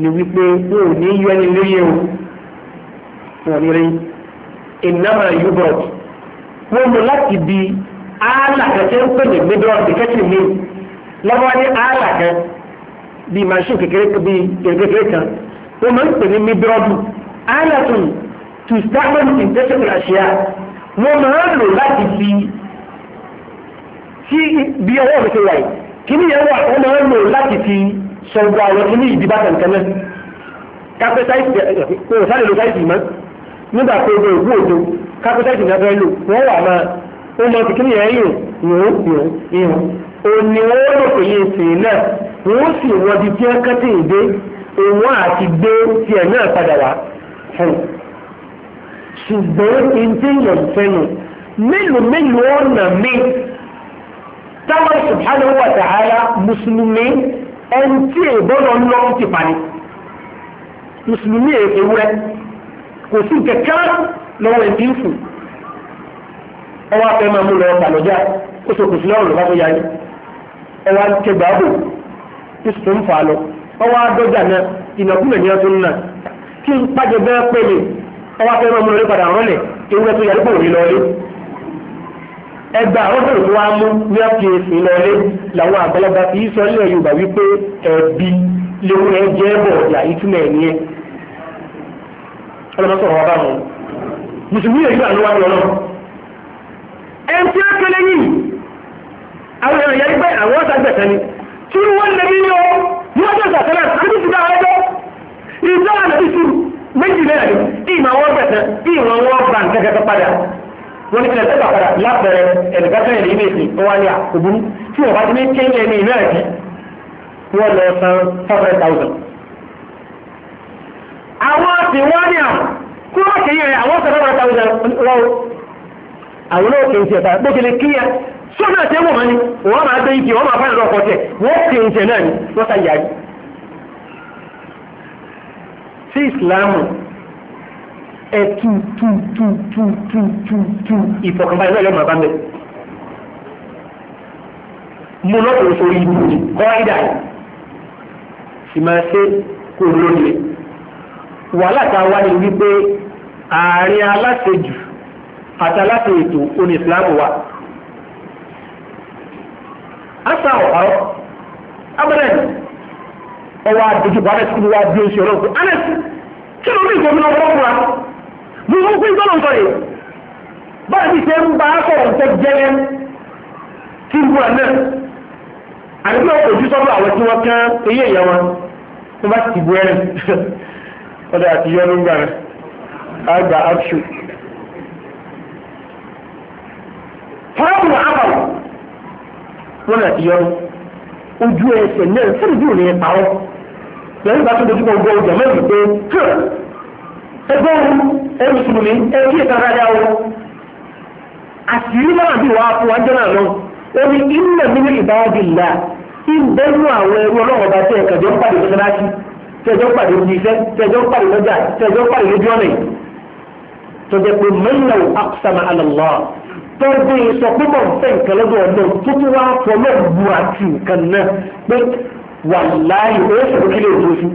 ni wípé wọn ò ní yọ ẹni lóye o wọn ní rí ìnáma yúbọ̀d wọn mú láti bi álàkẹ́kẹ́ ń pè ní mídọ́ọ̀dì kẹ́kẹ́ mi lọ́wọ́ ní álàkẹ́ bíi màṣín kékeré bíi kékeré kan wọn máa ń pè ní mídọ́ọ̀dù álàtún tùsítàmù ìdẹ́sẹ̀kùn àṣìyà wọ́n máa ń lò láti fi tí bí ọwọ́ mi ṣe wà yìí kíní yẹn wà wọ́n máa ń lò láti fi sọ̀rọ̀ àwọn kíní ìdìbà kankan náà kápẹ́ sáìsì kò sáré lo sáìsì mọ́ nígbà tó gbé òkú òdo kápẹ́ sáìsì náà fẹ́ lò wọ́n wà máa ó máa fi kíní yẹn yìí yòó yòó yòó òní ṣùgbọ́n ìdí èèyàn fẹ́nu mélòó mélòó ọ̀nà mi táwọn subhanahu wa ta'ala mùsùlùmí ẹni tí èbọ́nà ń lọ ti parí mùsùlùmí ewúrẹ́ kò sí kẹ̀kẹ́ lọ́wọ́ ẹ̀dí ń fò ọwọ́ afẹ́ máa mú lọ ọ̀tàlọ́jà ó sọ kò sí lọ́rùn lọ́ba tó yáyé ọwọ́ kẹgbà bò ó sì fà á lọ ọwọ́ adọ́jà náà ìnàkúnlẹ̀ ni wọ́n tún ń nà kí n pàjẹ́ bẹ́ẹ̀ pẹ́lẹ́ ọwọ́ akẹ́rọ ọmọ rẹ padà rọlẹ̀ ewúrẹ́ tó yẹ kó rí lọlé ẹgbà rọ́bìrì tó wá mú ní ọ́kìyèsí lọlé làwọn àgbàlagbà fi sọ nílẹ̀ Yorùbá wípé ẹ̀bí lewúrẹ́ jẹ́ bọ̀ ọ̀dà ìtumọ̀ ẹ̀ nìyẹn ọlọ́mọsọ̀rọ̀ wa bá wọn mùsùlùmí yẹn lọ́nà tí ó kélé yìí àwọn èèyàn yẹn àwọn gbẹ̀sẹ̀ ni tí wọ́n lè ní yọ ní ọjọ́ ìgbà méjì náà ni tí ìmọ̀ wọn bẹ̀tẹ̀ tí ìmọ̀ wọn bá nǹkan kẹta padà wọn ní kílẹ̀ tẹ́gbà padà lápẹ̀rẹ̀ ẹ̀dùkátẹ́ ìlú ilé ìsìn tó wá ní àkóbúrú tí wọ́n bá ti ní kéńdé ní ìlú ẹ̀kí wọ́n lọ san five hundred thousand. àwọn ti wọ́n ní àwọn kí wọ́n kì í rẹ̀ àwọn san five hundred thousand lọ àwọn náà kì í ṣe ẹ̀ta gbókèlè kíyà sọ́nà tẹ́wọ̀n wọn ni wọ́n máa dé ìkì wọ́n máa sí ìsìláàmù ẹ̀tù tù tù tù tù tù tù ìfọ̀kànbalẹ̀ náà yóò máa bá mẹ́. mo lọ́kùnrin sórí ibi ni kọ́ ìdá yìí sì máa ṣe kó lónìí. wàhálà tá a wá ní wípé ààrẹ aláṣejù àti aláṣẹ ètò oní ìsìláàmù wa. asa ọ̀pá abẹ́rẹ́ ọwọ́ àdójúkọ anẹ́sì ló wá bí oṣù ọlọ́pẹ́ anẹ́sì kí ló ní ìgbòmìnà ọlọ́pùra mú mú pín tọ́lọ̀ sọ yìí báyìí bí ṣe ń bá sọ̀rọ̀ tó jẹ́rẹ́ tí ń búra náà àdúgbò òjú sọ́dọ̀ àwọn tí wọ́n kán eyé ìyá wọn tó bá ti bu ẹ̀rìn ọdẹ àti yọ ló ń gbà rẹ̀ àgbà áṣù fọ́ọ̀mù àbàwọ̀ wọn àti yọ ló ń gbà ojú ẹsẹ̀ náà fún ìdí òní ẹ̀pà ọ́ lẹ́yìn bá tó dojú kọ gbọ́ ọjà mẹ́rin pé ẹgbẹ́ òun ẹrù sùnmí ẹrù ìta rárá o àṣírí náà bí wàá fún wa jẹ́ náà lọ ó ní ilẹ̀ mi ní ìbáradìlá ìbẹ́nu àwọn ẹrú ọlọ́wọ́ bá tẹ̀ kẹjọ pàdé mọ́sálásí kẹjọ pàdé ojú iṣẹ́ kẹjọ pàdé lọ́jà kẹjọ pàdé lójú ọ̀nà yìí tó jẹ́ pé mẹ́lẹ̀ ò àkùsàmà àlọ́lá tó dé sọ pé mọ̀ fẹ́ nǹkan lọ́dọ̀ ọ̀dọ̀ tó tún wá fọ lọ́ọ̀ bu àti nǹkan náà pé wàláyé ó sì kí lè tó sí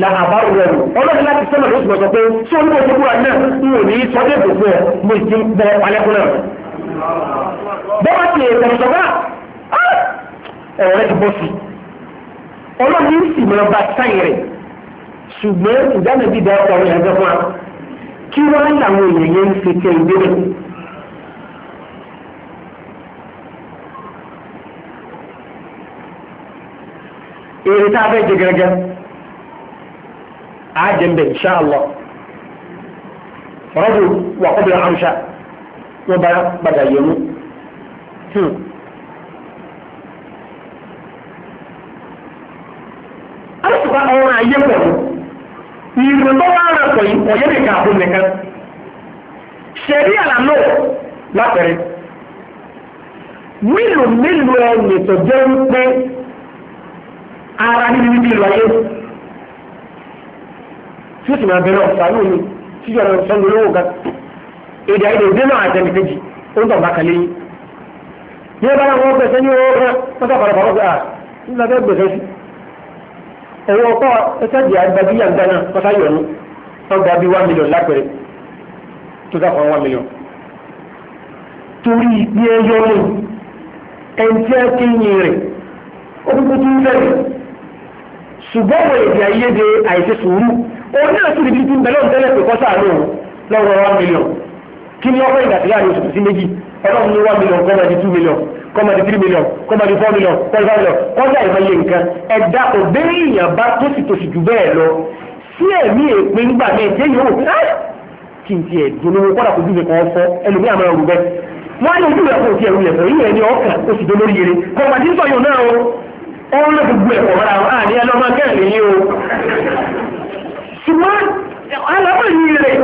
la àbárò rẹ̀ ọlọ́run láti sọ́nà ló sì mọ̀ sọ pé tí olúwo ti búra náà n ò ní í sọ dé ẹ̀ mo ti bọ alẹ́kùn náà bọ́wọ́ ti èèkàn sọ́gbà ah! ẹ̀rọ ti bọ́ sí ọlọ́run sì mọ̀ bá sáyẹ̀rẹ̀ ṣùgbọ́n ìdánilẹ́bí dá ọkọ̀ rẹ̀ ẹ̀jẹ̀ fún wa kí wọ́n ń làwọn èèyàn yẹn ń fi tẹ ìbéèrè. èrè tá a fẹ́ jẹ gẹ́gẹ́ a jẹ mbẹ insha Allah rọ́bù wà kọ́ bẹ̀rẹ̀ amṣá wọ́n bá gbàgbà yẹnu. Hmm. alẹ́ sọ̀rọ̀ àwọn ayé pẹ̀lú ìrò tó wá rẹ̀ pọ̀ yìí ọ̀yẹ́ nìkan àbò nìkan ṣẹ̀rí àlànà lápẹ̀rẹ̀ mílò mílò ẹni tó jẹ́ wípé ara níbi níbi ìlọ́yé tí ó sì máa bẹ̀rẹ̀ ọ̀sán lónìí tí yọ̀rọ̀ ọ̀sán lórí òwò gan èdè àìdè òdé náà àjẹmí kejì ó ń tọ̀gbà kalẹ̀ yìí ní ọba náà wọ́n gbẹ̀sẹ̀ ní owó rẹ̀ wọ́n tàbàrà bàbá gbà nígbà tó gbẹ̀sẹ̀ sí ẹ̀rọ ọkọ ẹ̀sẹ̀dì àgbàdìyà gbaná pátá yọ̀nù ọgbà bíi 1 million lápẹ̀rẹ̀ tó dà fún one million. torí ìpín ẹyọ ni ẹ̀ǹtí ẹ̀kẹ́yìn rẹ̀ ó kúkú tún bẹ̀rẹ̀ ṣùgbọ́n wọ̀ èdè àìyedè àìsè sùúrù òun náà sì rí bí tún bẹ̀rẹ̀ òun tẹ́lẹ̀ pé kọ́sà lóhùn lọ́wọ́ one million kí ni ọkọ̀ ìgbà ọlọ́run ní one million kọ́mọ̀ di two million kọ́mọ̀ di three million kọ́mọ̀ di four million kọ́mọ̀ di five million kọ́jà ìmọ̀ye nǹkan ẹ̀dá òbẹ́rẹ́ èèyàn bá tòsí tòsí jù bẹ́ẹ̀ lọ sí ẹ̀mí èpè ńgbà náà jẹ́ yòówù kí n tiẹ̀ dolówó kọ́dà kó dúró kan fọ́ ẹlòmíà máa rù bẹ́ẹ̀ wọ́n á lè ojú ẹ̀kọ́ òkè ẹ̀rù ẹ̀fọ́ yìí ẹni ọkàn oṣù tó lórí yẹrẹ kọ́mọ̀ tí ń sọ̀yọ̀ náà o ó ń lọ gbogbo ẹ̀kọ́ rárá àní ẹlọ́mọ kẹ́rin yìí o ṣùgbọ́n alábàáyí rẹ̀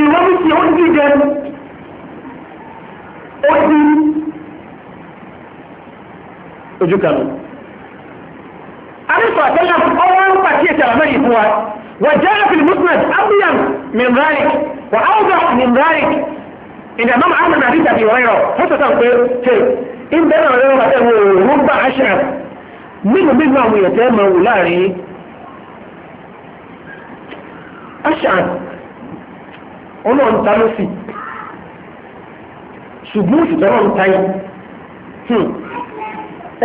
ìwọ́n ti ó ń dídẹ́nu ó dí ojú kanu àrífà tẹ́lá ọwọ́ ń pàtí ẹ̀tẹ̀ àmẹ́rì fún wa wà jẹ́ àfihàn muslim abdiyam min wà áwùdà min ìdá mọ́mọ́ àmì náà dídà bí wọ́n yọ wọ́n sọ sáà pé ṣe ń bẹ́ẹ̀ náà lọ́wọ́ àti ẹ̀wọ̀ òun bá aṣọ nínú mímú àwọn èèyàn tẹ́ máa wù láàrin ṣùgbọ́n oṣù tọ́lọ́ ń tayọ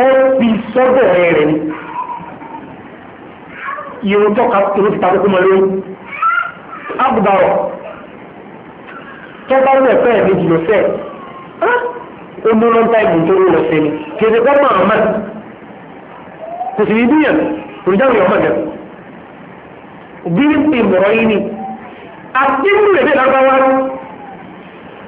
ẹ fi sọ́dọ̀ ẹ rẹ̀ ni irun tọ́ka irun ti takókó mọ́ lórí agbára tọ́ba rẹ̀ fẹ́ẹ̀ méjì lọ fẹ́ẹ̀ ó mú lọ́ńtà ìbùn tó rọ̀ sí ni kèdè kọ́ máa mọ̀ kò sì ní bíyàn kò ní dáhùn yọ̀mọ̀ gẹ̀rù bí ní ìmọ̀ràn yìí ni àti nínú èdè lágbára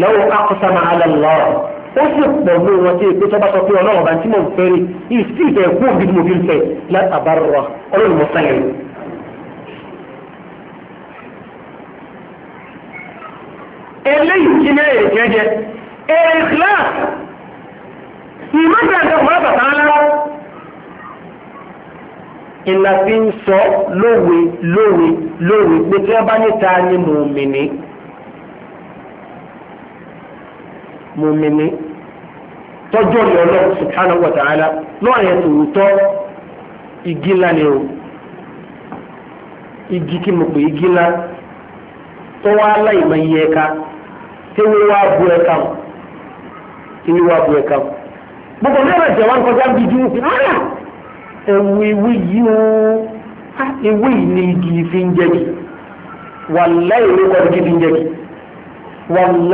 lọ́wọ́ akọ́sàmà alàlọ́ ó sì pọ̀ ní wọn tí èpè tọ́ba sọ pé ọlọ́run bá ń tí mò ń fẹ́ rí ìsì ìfẹ́ kú òbí ni mo fi ń fẹ́ látàbárọ̀ ọlọ́run mo sálẹ̀ eléyìí kí ní èrè jẹjẹ èrè class ìmọ̀jà ẹ̀dá ọ̀rọ̀ bàtà ńlá ìlà fi ń sọ lówe lówe lówe pé tí wọ́n bá níta ni mò ń mìíní. mùmìnì tọjọ ọ̀lẹ́ ọlọ́run subhanahu wa ta'ala lọ́wọ́ yẹn tòótọ́ igi ni o igi kí mo pè igi tó wá láìmọ̀ iye ẹ̀ka tí wọ́n wá bu o tí wá bu ẹ̀ka o gbogbo ní ọ̀rọ̀ ìjẹ̀wá nǹkan bí ju òfin rárá ẹ̀wù ewé yìí o ah, ewé yìí igi fi ń fi ń wàlọ́ọ̀rì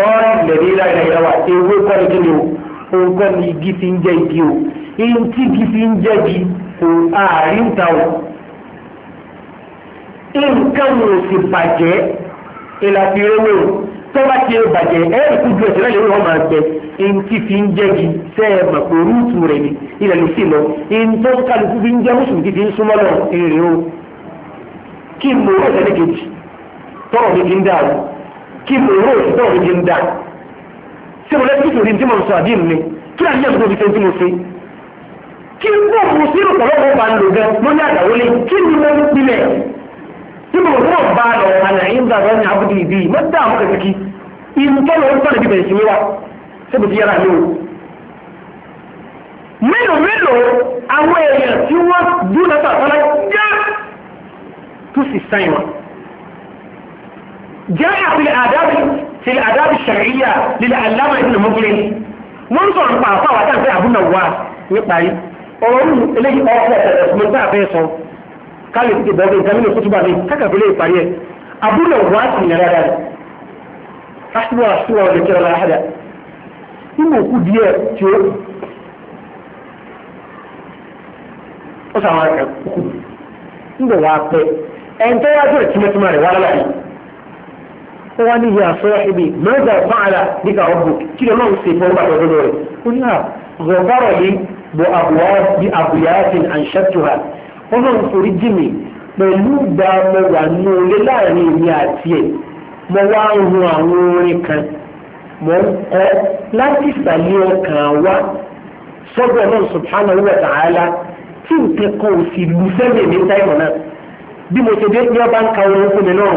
lẹ̀rí láìra ìrẹwà ewé kọ́ni kí ni o òun kọ́ ni igi fi ń jẹ́ igi o ihun tí igi fi ń jẹ́ igi kò ààrin ta o nǹkan ò sì bàjẹ́ ìlàfi ewé o tó bá ti bàjẹ́ ẹ̀rí kújú ẹ̀sẹ̀ náà lèwe wọn máa gbẹ ihun tí fi ń jẹ́ igi tẹ́ ẹ mọ̀ pé rúùtù rẹ̀ ni ilẹ̀ ló sì lọ ihun tó kálukú fi ń jẹ́ mùsùlùmí ti fi ń súnmọ́ lọ èrè o kí n mọ ẹ̀sẹ̀ ní kejì tọ́rọ̀ mi ti ń dàrú kí mo rò ìgbà òun yé ń dá ṣé mo lẹ́sìn ìtòrí tí mo sọ àbí mi kí láti yẹ kó fi ṣe tí mo ṣe kí n kó fún sí ọ̀pọ̀lọpọ̀ bá ń lò gan mo ní àgbà wọlé kí ni mo ń pilẹ̀ tí mo rò bá lọ àlàyé ń bá lọ ní abúlé ìbí mo dá àwọn kẹsìkì ìmùtọ́lọ̀ ń sọ̀rọ̀ bíbẹ̀ ìsinmi wa ṣé mo ti yára ní mélòó mélòó àwọn èèyàn tí wọ́n dúró lọ́sọ̀ àtọ́lá já tó sì sáyìn wọn. جاء في الآداب في الآداب الشرعية للعلامة ابن مجلس wọ́n sọ̀rọ̀ nípa àfa àwọn àtàǹfẹ́ àbúnà wa nípa yìí ọ̀rọ̀ ní eléyìí ọ̀pọ̀ ẹ̀sùn tá a fẹ́ sọ káàlì ti bọ̀ ọ̀gbìn ìdámínà tó túbà ní kákàfẹ́lẹ́ ìparí ẹ̀ àbúnà wa sì ní rárá rẹ̀ aṣíwá aṣíwá ọ̀lẹ̀ kẹrẹ lára hàdà nínú òkú díẹ̀ tí ó ó sàwọn ẹ̀kú nígbà wà pẹ́ ẹ̀ ń tẹ́wájú ẹ̀ tímẹ́tímẹ́ rẹ̀ wá lálàyé ó wá ní ìyá sọ́yà ibi mẹ́ta fáàlà níka ọ̀bù kí ló lọ́n ṣe fún bàtà ọdún rẹ̀ ó ní à gọ̀bárọ̀ yìí bọ̀ àbúyá bí àbúyá ti à ń ṣètò ha ó lọ́n forí jì mí pẹ̀lú ìgbà mo wà nù lé láàrin èmi àti ẹ̀ mo wá ń hun àwọn orin kan mo ń kọ́ láti ìsàlẹ̀ ọkàn wa sọ́dọ̀ náà subhanahu wa ta'ala tí nǹkan kan ò sì lù ní táìmù náà bí mo ṣe dé ní ọba ń ka orin fún mi náà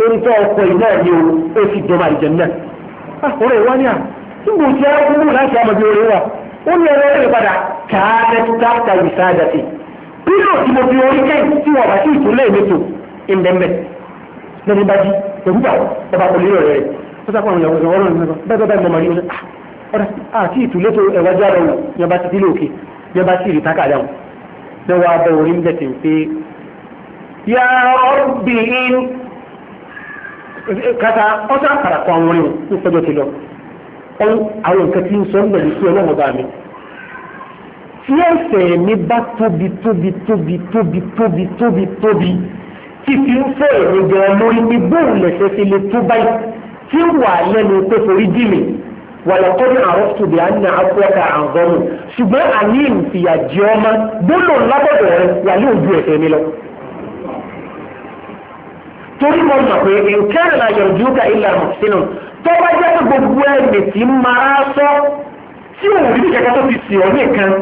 torí tó ọkọ̀ iná ni o ó sì dọ́mà ìjẹ̀nà ah, ọ̀rọ̀ ìwá ní à tí mo ti ara láti àmàbí orí wa ó ní ẹ̀rọ ẹ̀rọ padà káàdẹ́ dáta ìsáàdà sí pílò tí mo fi orí kẹ́yìn tí wọ́n bá sí ìtúlẹ̀ ìmẹ́tò ìndẹ́mẹ́ lẹ́ni bá jí òwúgbà ọba kò lérò rẹ̀ ó àwọn ìyàwó ìwọ́n rẹ̀ bẹ́ẹ̀ bẹ́ẹ̀ mọ̀mọ́ ah, rí ó kata ọjọ́ àkàrà kan àwọn orin ní sọ́jọ́ ti lọ àwọn nǹkan tí ń sọ nígbà ní sí ọlọ́run bá mi tí ẹsẹ̀ mi bá tóbi tóbi tóbi tóbi tóbi tóbi tóbi tí fi ń fẹ́ èròjà lórí ní bóun lẹ̀sẹ̀ sí lè tó báyìí tí ń wà lẹ́nu pé forí jì mí wàlàkọ́ni àrọ́sùtòbí àná àkọ́ta àǹgọ́mù ṣùgbọ́n àní ìfìyàjẹ́ ọmọ gbọ́dọ̀ lábọ̀dọ̀ rẹ wà ní ojú ẹ̀sẹ̀ mi lọ torí mo mọ̀ pé nǹkan náà yọ̀jú ká ilẹ̀ àmọ̀sínú tó bá jẹ́ pé gbogbo ẹ̀mí tí máa sọ tí òun rí kẹ̀kẹ́ tó fi sì ọ́ nìkan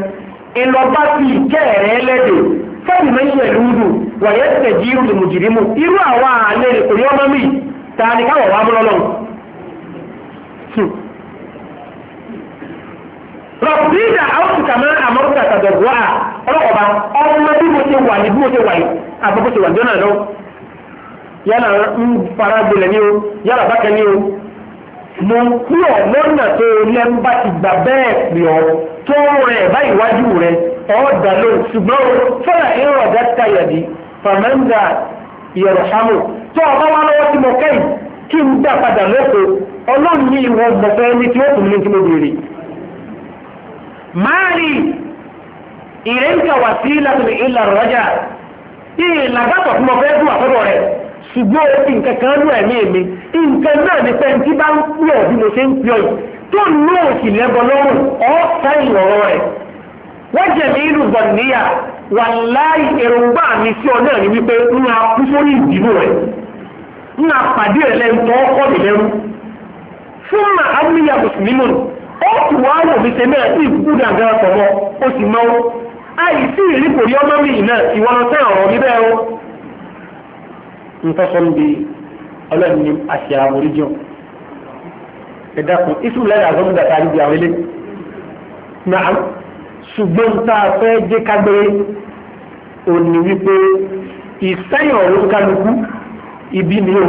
ìlọ́ba fi ìkẹ́ rẹ̀ lẹ́dẹ̀ fẹ́ẹ̀mì mẹ́yìn ẹ̀lú ń dùn wàyẹ́ tẹ̀jì irú ni mùjìrímù irú àwọn àlẹ́ rẹ̀ kò ní ọmọ mi ta ni káwọ̀ wá mú lọ́lọ́ rọ̀bìdà áwùsùkà máa àmọ́rùkà tàdọ̀gbọ́ à ọlọ́kọ̀ọ́ba ọmọ bí mo ṣe wà ní bí mo ṣe wà yìí àbúkọ́ wà jọ́nà lọ́wọ́ yálà ń fara gbolẹ̀ ní o yálà bákan ní o mo ń kú ọ lọ́nà tó lẹ́ ń bá ti gbà bẹ́ẹ̀ pè ọ́ tó rẹ̀ báyìí wájú rẹ̀ ọ̀ọ́dà ló ṣùgbọ́n fọ́nà ìrọ̀ ọ̀gá tayàdí fàmẹ́ńdà ìyẹ̀rọ̀hámù tó ọba wá lọ́wọ́ tí mo kẹ́yìn kí n dá padà lóko ọlọ́run ní ìwọ ní tí ó kù ní tí mo béèrè. máàlì ìrẹ́ǹkà wà sí ìlànà ìlànà rọ́jà ìlàgàtọ̀ fún àtọ́dọ̀ ṣùgbọ́n orí nǹkan kan lù ẹ̀mí èmi nǹkan náà ní pẹ́ tí bá ń pè ọ́ bí mo ṣe ń pè ọ́ tó ní òsì lẹ́bọ lọ́rùn ọ́ sáyìn ọ̀rọ̀ rẹ̀ wọ́n jẹ̀mí ìlú bọ̀nìyà wà láì èròǹgbà mi sí ọ náà ní wípé ń ra kú sórí ìdìbò rẹ̀ ń ra pàdé rẹ̀ lẹ́nu tó ọkọ̀ mi lẹ́rú fún mà ámúyà mùsùlùmí ó kù wá wò mí ṣe mẹ́ẹ̀ nfẹ́fẹ́ ń bi ọlọ́run ní àṣẹ àmóríjọ́ ẹ̀dá kan isu lẹ́yìn àgbọ̀n dàtà àríbi àwọn ilé náà ṣùgbọ́n tá a fẹ́ dé kágbére òní wípé ìsẹ́yìn ọ̀rọ̀ kálukú ibi ni ó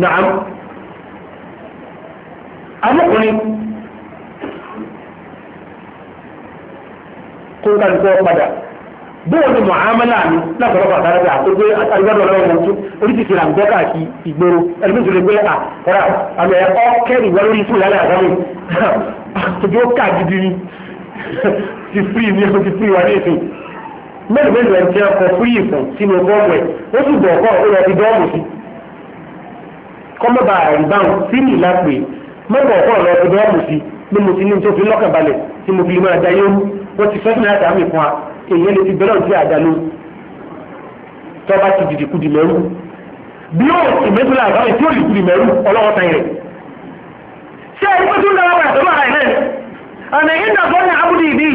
náà amọ́kùnrin kó kálukú ọ̀ bóò ni mọ̀hámẹ́lá ni látọ̀rọ̀ pàtàkì rẹ̀ àtúgbé àtàrígbàdọ̀ lọ́wọ́ mọ̀tú oríṣiríṣi là ń gbọ́ káàkiri ìgboro ẹlẹ́mìtì lè gbé àkọ́rà àmì ẹ̀kọ́ kẹ́rì wọ́n lórí ìṣúlẹ̀ alẹ́ àgbámi àtúgbé [LAUGHS] ó kà gidi ni [LAUGHS] ti firi ní ẹ̀kọ́ ti firi wà ní ìsìn mẹ́rin mẹ́rin ẹ̀ ń tẹ́ ọkọ̀ firi ìfún sínú bọ́ọ̀mù ẹ̀ ó sì bọ̀ ọkọ̀ ó lọ fi dọ́ọ̀mù sí kọ́mọ́bà àrìbáhùn firi lápè mẹ́bọ̀ ọkọ̀ lọ fi dọ́ọ̀mù sí ni mo ti ní tó fi lọ́kàn balẹ̀ tí mo fi máa da yóò wọ́n ti fẹ́ fún ẹ̀ èyàn lè fi bẹ́lọ̀ sí àdánù tọ́ba ti dìdì kudì mẹ́rù bí ó ìmẹ́tòlá àbáyé tí ó lè kudì mẹ́rù ọlọ́wọ́ yẹn. ṣé ẹni tó tún ìdí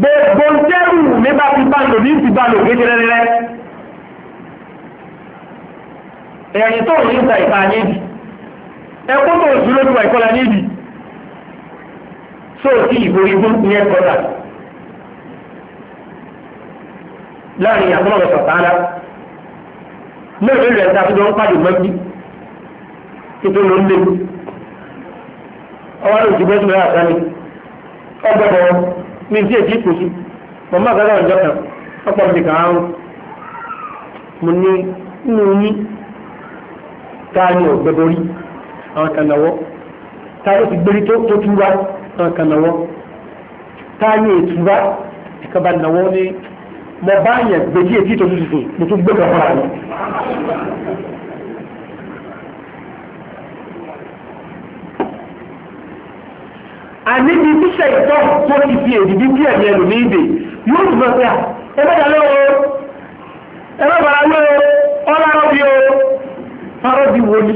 gbogbo tẹ́rù mi bá ti bá lò ní ti bá lò kéde ẹ̀yìn tó ìta láàrin àtọ́nà ọ̀sán tààlà mẹ́rin rẹ̀ ta fúnjọ ń pàdé mọ́bí títún ló ń lé ọwọ́ àrùn ìdìbò ìṣúná àtàní ọgbọ́dọ̀ ní tí èjì kò sí mọ̀mọ́ àgbàdo ọ̀jọ́ kan ọ̀pọ̀ mi kà áhùn mo ní nínú yín ta ni ọ̀gbẹ́bọ rí àwọn kan náwọ́ ta ti gbérí tó túra àwọn kan náwọ́ ta ni ètúra náwọ́ ní mo bá yẹn gbèjì èyí tó tutù mo tún gbé kọfà rẹ. àníbi tíṣà ìtọ́ tó ti fi èdìdí bí ẹ̀mí ẹlòmí ìdè yóò tún bọ́ sí à ẹ bá dalẹ́ o ẹ bí o ọlọ́rọ̀ bí wo ni.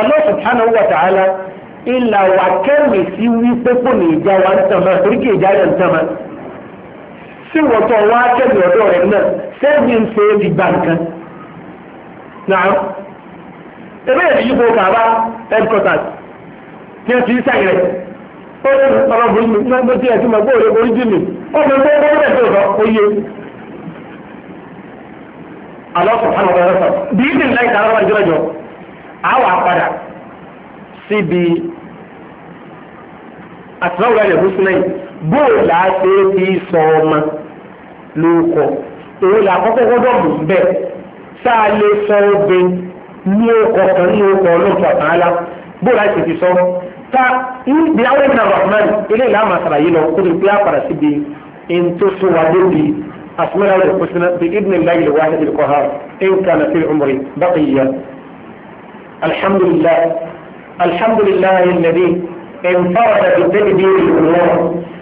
Allah subhanahu wa ta'ala ìlà wà kẹ́mì sí wípé kò ní ìjà wa ń tàn mọ́ torí kì yẹn ń tàn mọ́ tí wọ́n tọ́ wá kẹ́bì ọ̀dọ́ rẹ̀ náà sẹ́ẹ̀bì ń ṣe ti gbà nǹkan náà ebe èdè yípo kàbá headquarters ní ẹ̀ ti ń sàyẹ̀ ó ní ọlọ́bùnrin mi náà ti ẹ̀ ti mọ̀ gbóòrè orí jì mí ó fi gbé owó rẹ̀ tó sọ oyè alọ́sùn hàn ọ̀rọ̀ sọ bí ìdí ńlá ìtàn ọ̀rọ̀ ìjọ́jọ́ àwọn àpadà síbi àtìláwòrán ìlú sílẹ̀ bóòlù àti ètí sọ ọmọ lóòkọ èyí là kọ́kọ́ gbọ́dọ̀ mú bẹ́ẹ̀ tá a lè sọ obe ní ọkọ̀ kan ní ọkọ̀ ọlọ́pàá tààlà bóra ti fi sọ ta bí àwọn ìbìnà rahman ilé ìlà àmàsàrà yìí lọ kó lè gbé àpàrà sí bi in tó so wà débi asmọ́lá rẹ̀ kó sinna bí ibn ilayi lè wáyé ìlú kọ́ha in kana fi umri baqiya alhamdulillah alhamdulillah alladhi انفرد بتدبير الامور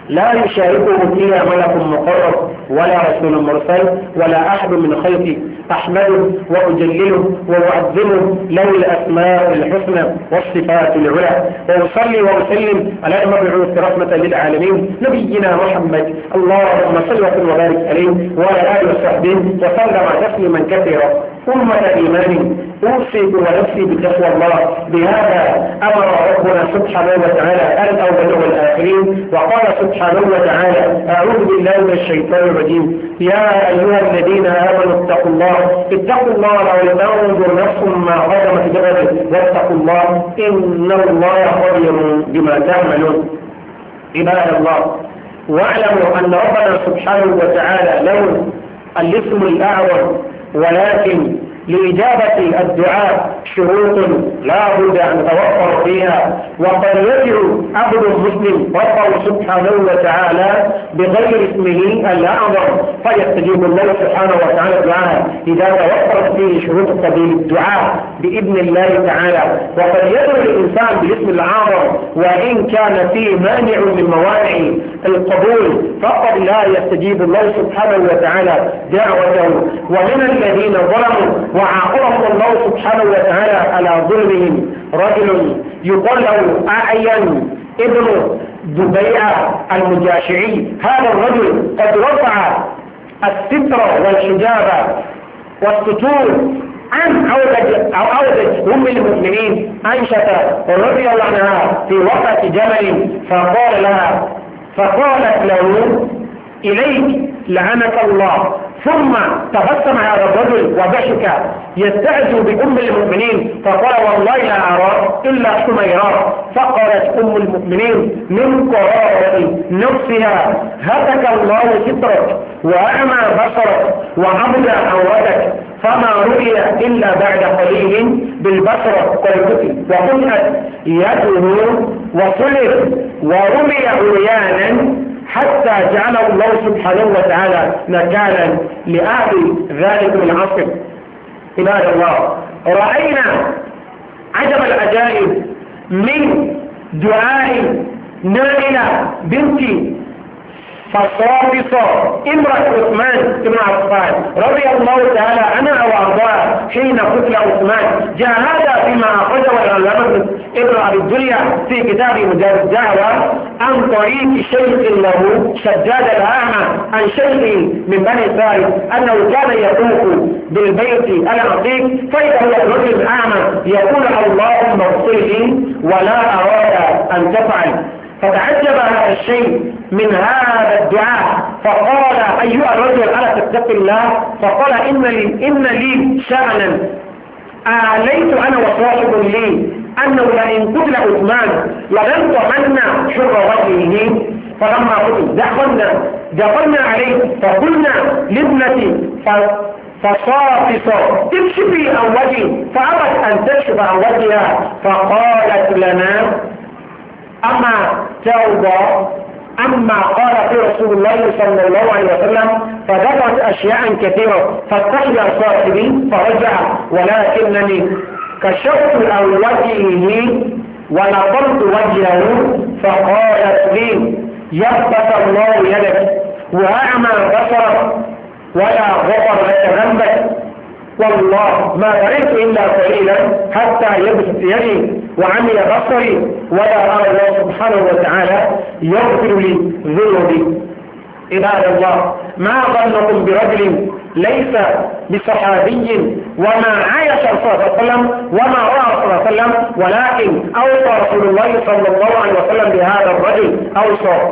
لا يشاركه فيها ملك مقرب ولا رسول مرسل ولا أحد من خلقي أحمده وأجلله وأعظمه له الأسماء الحسنى والصفات العلى وأصلي وأسلم على المبعوث رحمة للعالمين نبينا محمد اللهم صل وسلم وبارك عليه وعلى آله وصحبه وسلم تسليما كثيرا أمة إيمان أوصي ونفسي بتقوى الله بهذا أمر ربنا سبحانه وتعالى الأول والآخرين وقال سبحانه وتعالى أعوذ بالله من الشيطان الرجيم يا أيها الذين آمنوا اتقوا الله اتقوا الله ولتنظر نفس ما قدمت بغد واتقوا الله إن الله خبير بما تعملون عباد الله واعلموا أن ربنا سبحانه وتعالى له الاسم الأعظم ولكن لإجابة الدعاء شروط لا بد أن توفر فيها وقد يدعو عبد المسلم ربه سبحانه وتعالى بغير اسمه الأعظم فيستجيب الله سبحانه وتعالى دعاء إذا توفرت فيه شروط قبيل الدعاء بإذن الله تعالى وقد يدعو الإنسان باسم الأعظم وإن كان فيه مانع من موانع القبول فقد لا يستجيب الله سبحانه وتعالى دعوته ومن الذين ظلموا وعاقبهم الله سبحانه وتعالى على ظلم عليهم رجل يقال له أعين آه، ابن دبيع المجاشعي هذا الرجل قد رفع الستر والحجاب والسطور عن أودج أو أودج أم المؤمنين عائشة رضي الله عنها في وقت جمل فقال لها فقالت له إليك لعنك الله ثم تبسم هذا الرجل وضحك يستعجب بأم المؤمنين فقال والله لا أرى إلا حميرة فقالت أم المؤمنين من قرار نفسها هتك الله سترك وأعمى بصرك وعبد عورتك فما رؤي إلا بعد قليل بالبصرة قلبتي وقلت يده وصلت ورمي عريانا حتى جعله الله سبحانه وتعالى مكانا لأهل ذلك العصر عباد الله رأينا عجب العجائب من دعاء نائلة بنت فصاصة امرأة عثمان بن عفان رضي الله تعالى عنها وأرضاها حين قتل عثمان جاء هذا فيما أخرجه العلامة ابن أبي الدنيا في كتابه مجاز الدعوة عن طريق شيخ له شداد الأعمى عن شيخ من بني فارس أنه كان يطوف بالبيت العتيق فإذا هو الرجل الأعمى يقول اللهم اغفر لي ولا أراد أن تفعل فتعجب هذا الشيء من هذا الدعاء فقال أيها الرجل ألا تتق الله فقال إن لي, إن لي شأنا أعليت أنا وصاحب لي أنه لئن قتل عثمان لن عنا شر وجهه فلما قتل دخلنا دخلنا عليه فقلنا لابنتي فصافصا تكشفي عن وجهي فأبت أن تكشف عن وجهها فقالت لنا أما توبة أما قال في رسول الله صلى الله عليه وسلم فذكرت أشياء كثيرة فاستحيا صاحبي فرجع ولكنني كشفت عن وجهه ونظرت وجهه فقالت لي يثبت الله يدك وأعمى بصرك ولا غفر لك ذنبك والله ما رأيت إلا قليلا حتى يبسط يدي وعمي بصري ولا أرى الله سبحانه وتعالى يغفر لي ذنوبي عباد الله ما ظنكم برجل ليس بصحابي وما عايش صلى الله عليه وسلم وما رأى صلى الله عليه وسلم ولكن أوصى رسول الله صلى الله عليه وسلم بهذا الرجل أوصى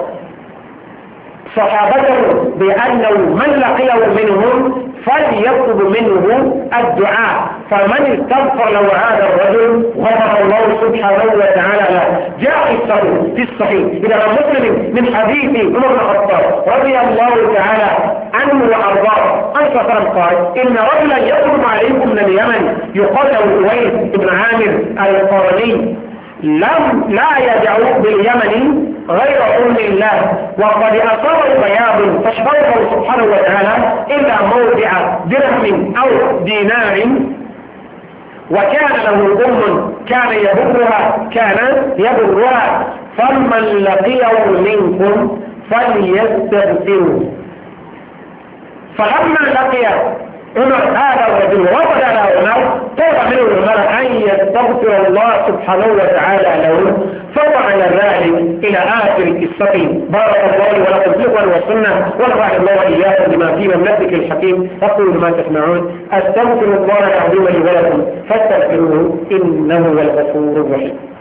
صحابته بأنه من لقيه منهم فليطلب منه الدعاء فمن استغفر له هذا الرجل غفر الله سبحانه وتعالى له جاء في الصحيح إلى مسلم من حديث عمر بن الخطاب رضي الله تعالى عنه وأرضاه أن صلى قال إن رجلا يطلب عليكم من اليمن يقال له أويس بن عامر القرني لم لا يدعو باليمن غير أم الله وقد أصاب البياض فاشفره سبحانه وتعالى إلا موضع درهم أو دينار وكان له أم كان يبرها كان يبرها فمن لقيه منكم فليستغفروا فلما لقي عمر هذا الرجل وقد على عمر طلب منه المرء أن يستغفر الله سبحانه وتعالى له على ذلك إلى آخر قصته بارك الله ولكم في القرآن والسنة ونفع الله إياكم بما في مملكة الحكيم أقول ما تسمعون أستغفر الله العظيم لي ولكم فاستغفروه إنه هو الغفور الرحيم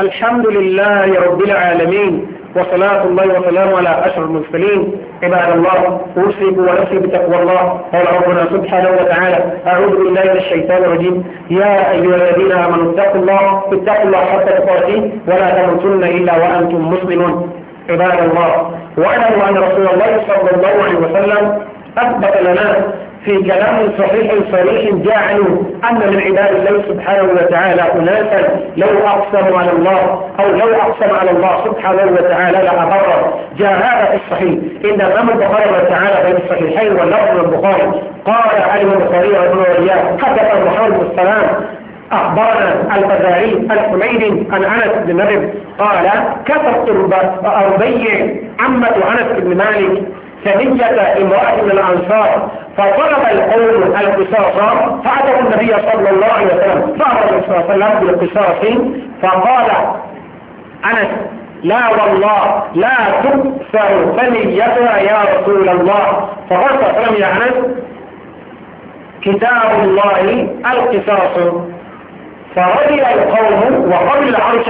الحمد لله رب العالمين وصلاة الله وسلامه على أشرف المرسلين عباد الله أوصيك ونفسي بتقوى الله قال ربنا سبحانه وتعالى أعوذ بالله من الشيطان الرجيم يا أيها الذين آمنوا اتقوا الله اتقوا الله حتى تقاته ولا تموتن إلا وأنتم مسلمون عباد الله واعلموا أن رسول الله صلى الله عليه وسلم أثبت لنا في كلام صحيح صريح جاء عنه أن من عباد الله سبحانه وتعالى أناسا لو أقسموا على الله أو لو أقسم على الله سبحانه وتعالى لأبرر جاء هذا في الصحيح إن الإمام البخاري وتعالى بين الصحيحين واللفظ البخاري قال علم البخاري رحمه الله حدث محمد السلام أخبرنا الفزاري الحميدي عن أنس بن مريم قال كفرت الربيع عمة أنس بن مالك كنية امرأة من الأنصار فطلب القوم القصاص فأتوا النبي صلى الله عليه وسلم فأتى النبي صلى الله عليه وسلم بالقصاص فقال أنس لا والله لا تكثر ثنيتها يا رسول الله فقال صلى الله عليه وسلم يا أنس كتاب الله القصاص فرضي القوم وقبل العرش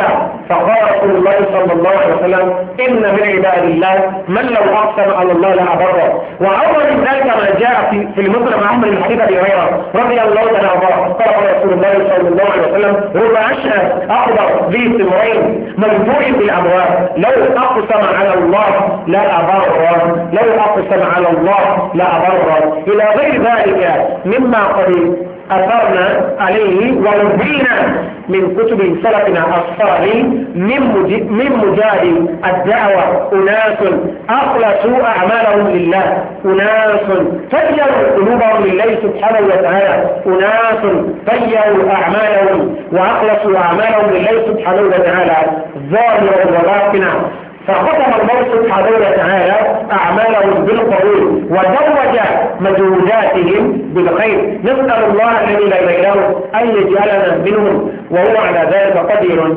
فقال رسول الله صلى الله عليه وسلم إن من عباد الله من لو أقسم على الله لأبره وأول ذلك ما جاء في المسلم أحمد الحديث أبي هريرة رضي الله تعالى عنه قال رسول الله صلى الله عليه وسلم ربع أشهد أخضر ذي سمرين منبوع بالأموال لو أقسم على الله لأبره لو أقسم على الله لأبره إلى غير ذلك مما قد أثرنا عليه ورضينا من كتب سلفنا الصالح من مجاهد الدعوة أناس أخلصوا أعمالهم لله أناس فجروا قلوبهم لله سبحانه وتعالى أناس فجروا أعمالهم وأخلصوا أعمالهم لله سبحانه وتعالى ظاهرا وباطنا فختم الله سبحانه وتعالى أعمالهم بالقبول وزوج مجهوداتهم بالخير نسأل الله الذي لا يجعله أن يجعلنا منهم وهو على ذلك قدير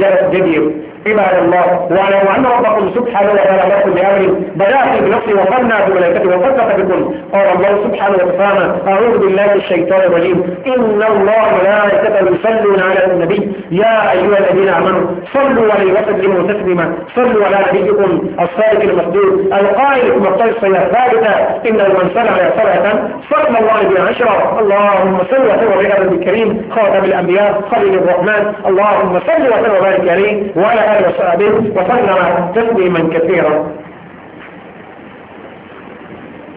ذلك جدير عباد الله واعلموا أن ربكم سبحانه وتعالى لكم بأمر بدأت بنفسي وقلنا بملائكته وصدق بكم قال الله سبحانه وتعالى أعوذ بالله الشيطان الرجيم إن الله ملائكته يصلون على النبي يا أيها الذين آمنوا صلوا عليه وسلموا تسليما صلوا على نبيكم الصادق المصدوق القائل في مقتل الصلاة الثابتة إن من صلى على صلاة صلى الله عليه وسلم اللهم صل وسلم على النبي الكريم خاتم الأنبياء قبل الرحمن اللهم صل وسلم وبارك عليه وعلى اله وصحبه وسلم تسليما كثيرا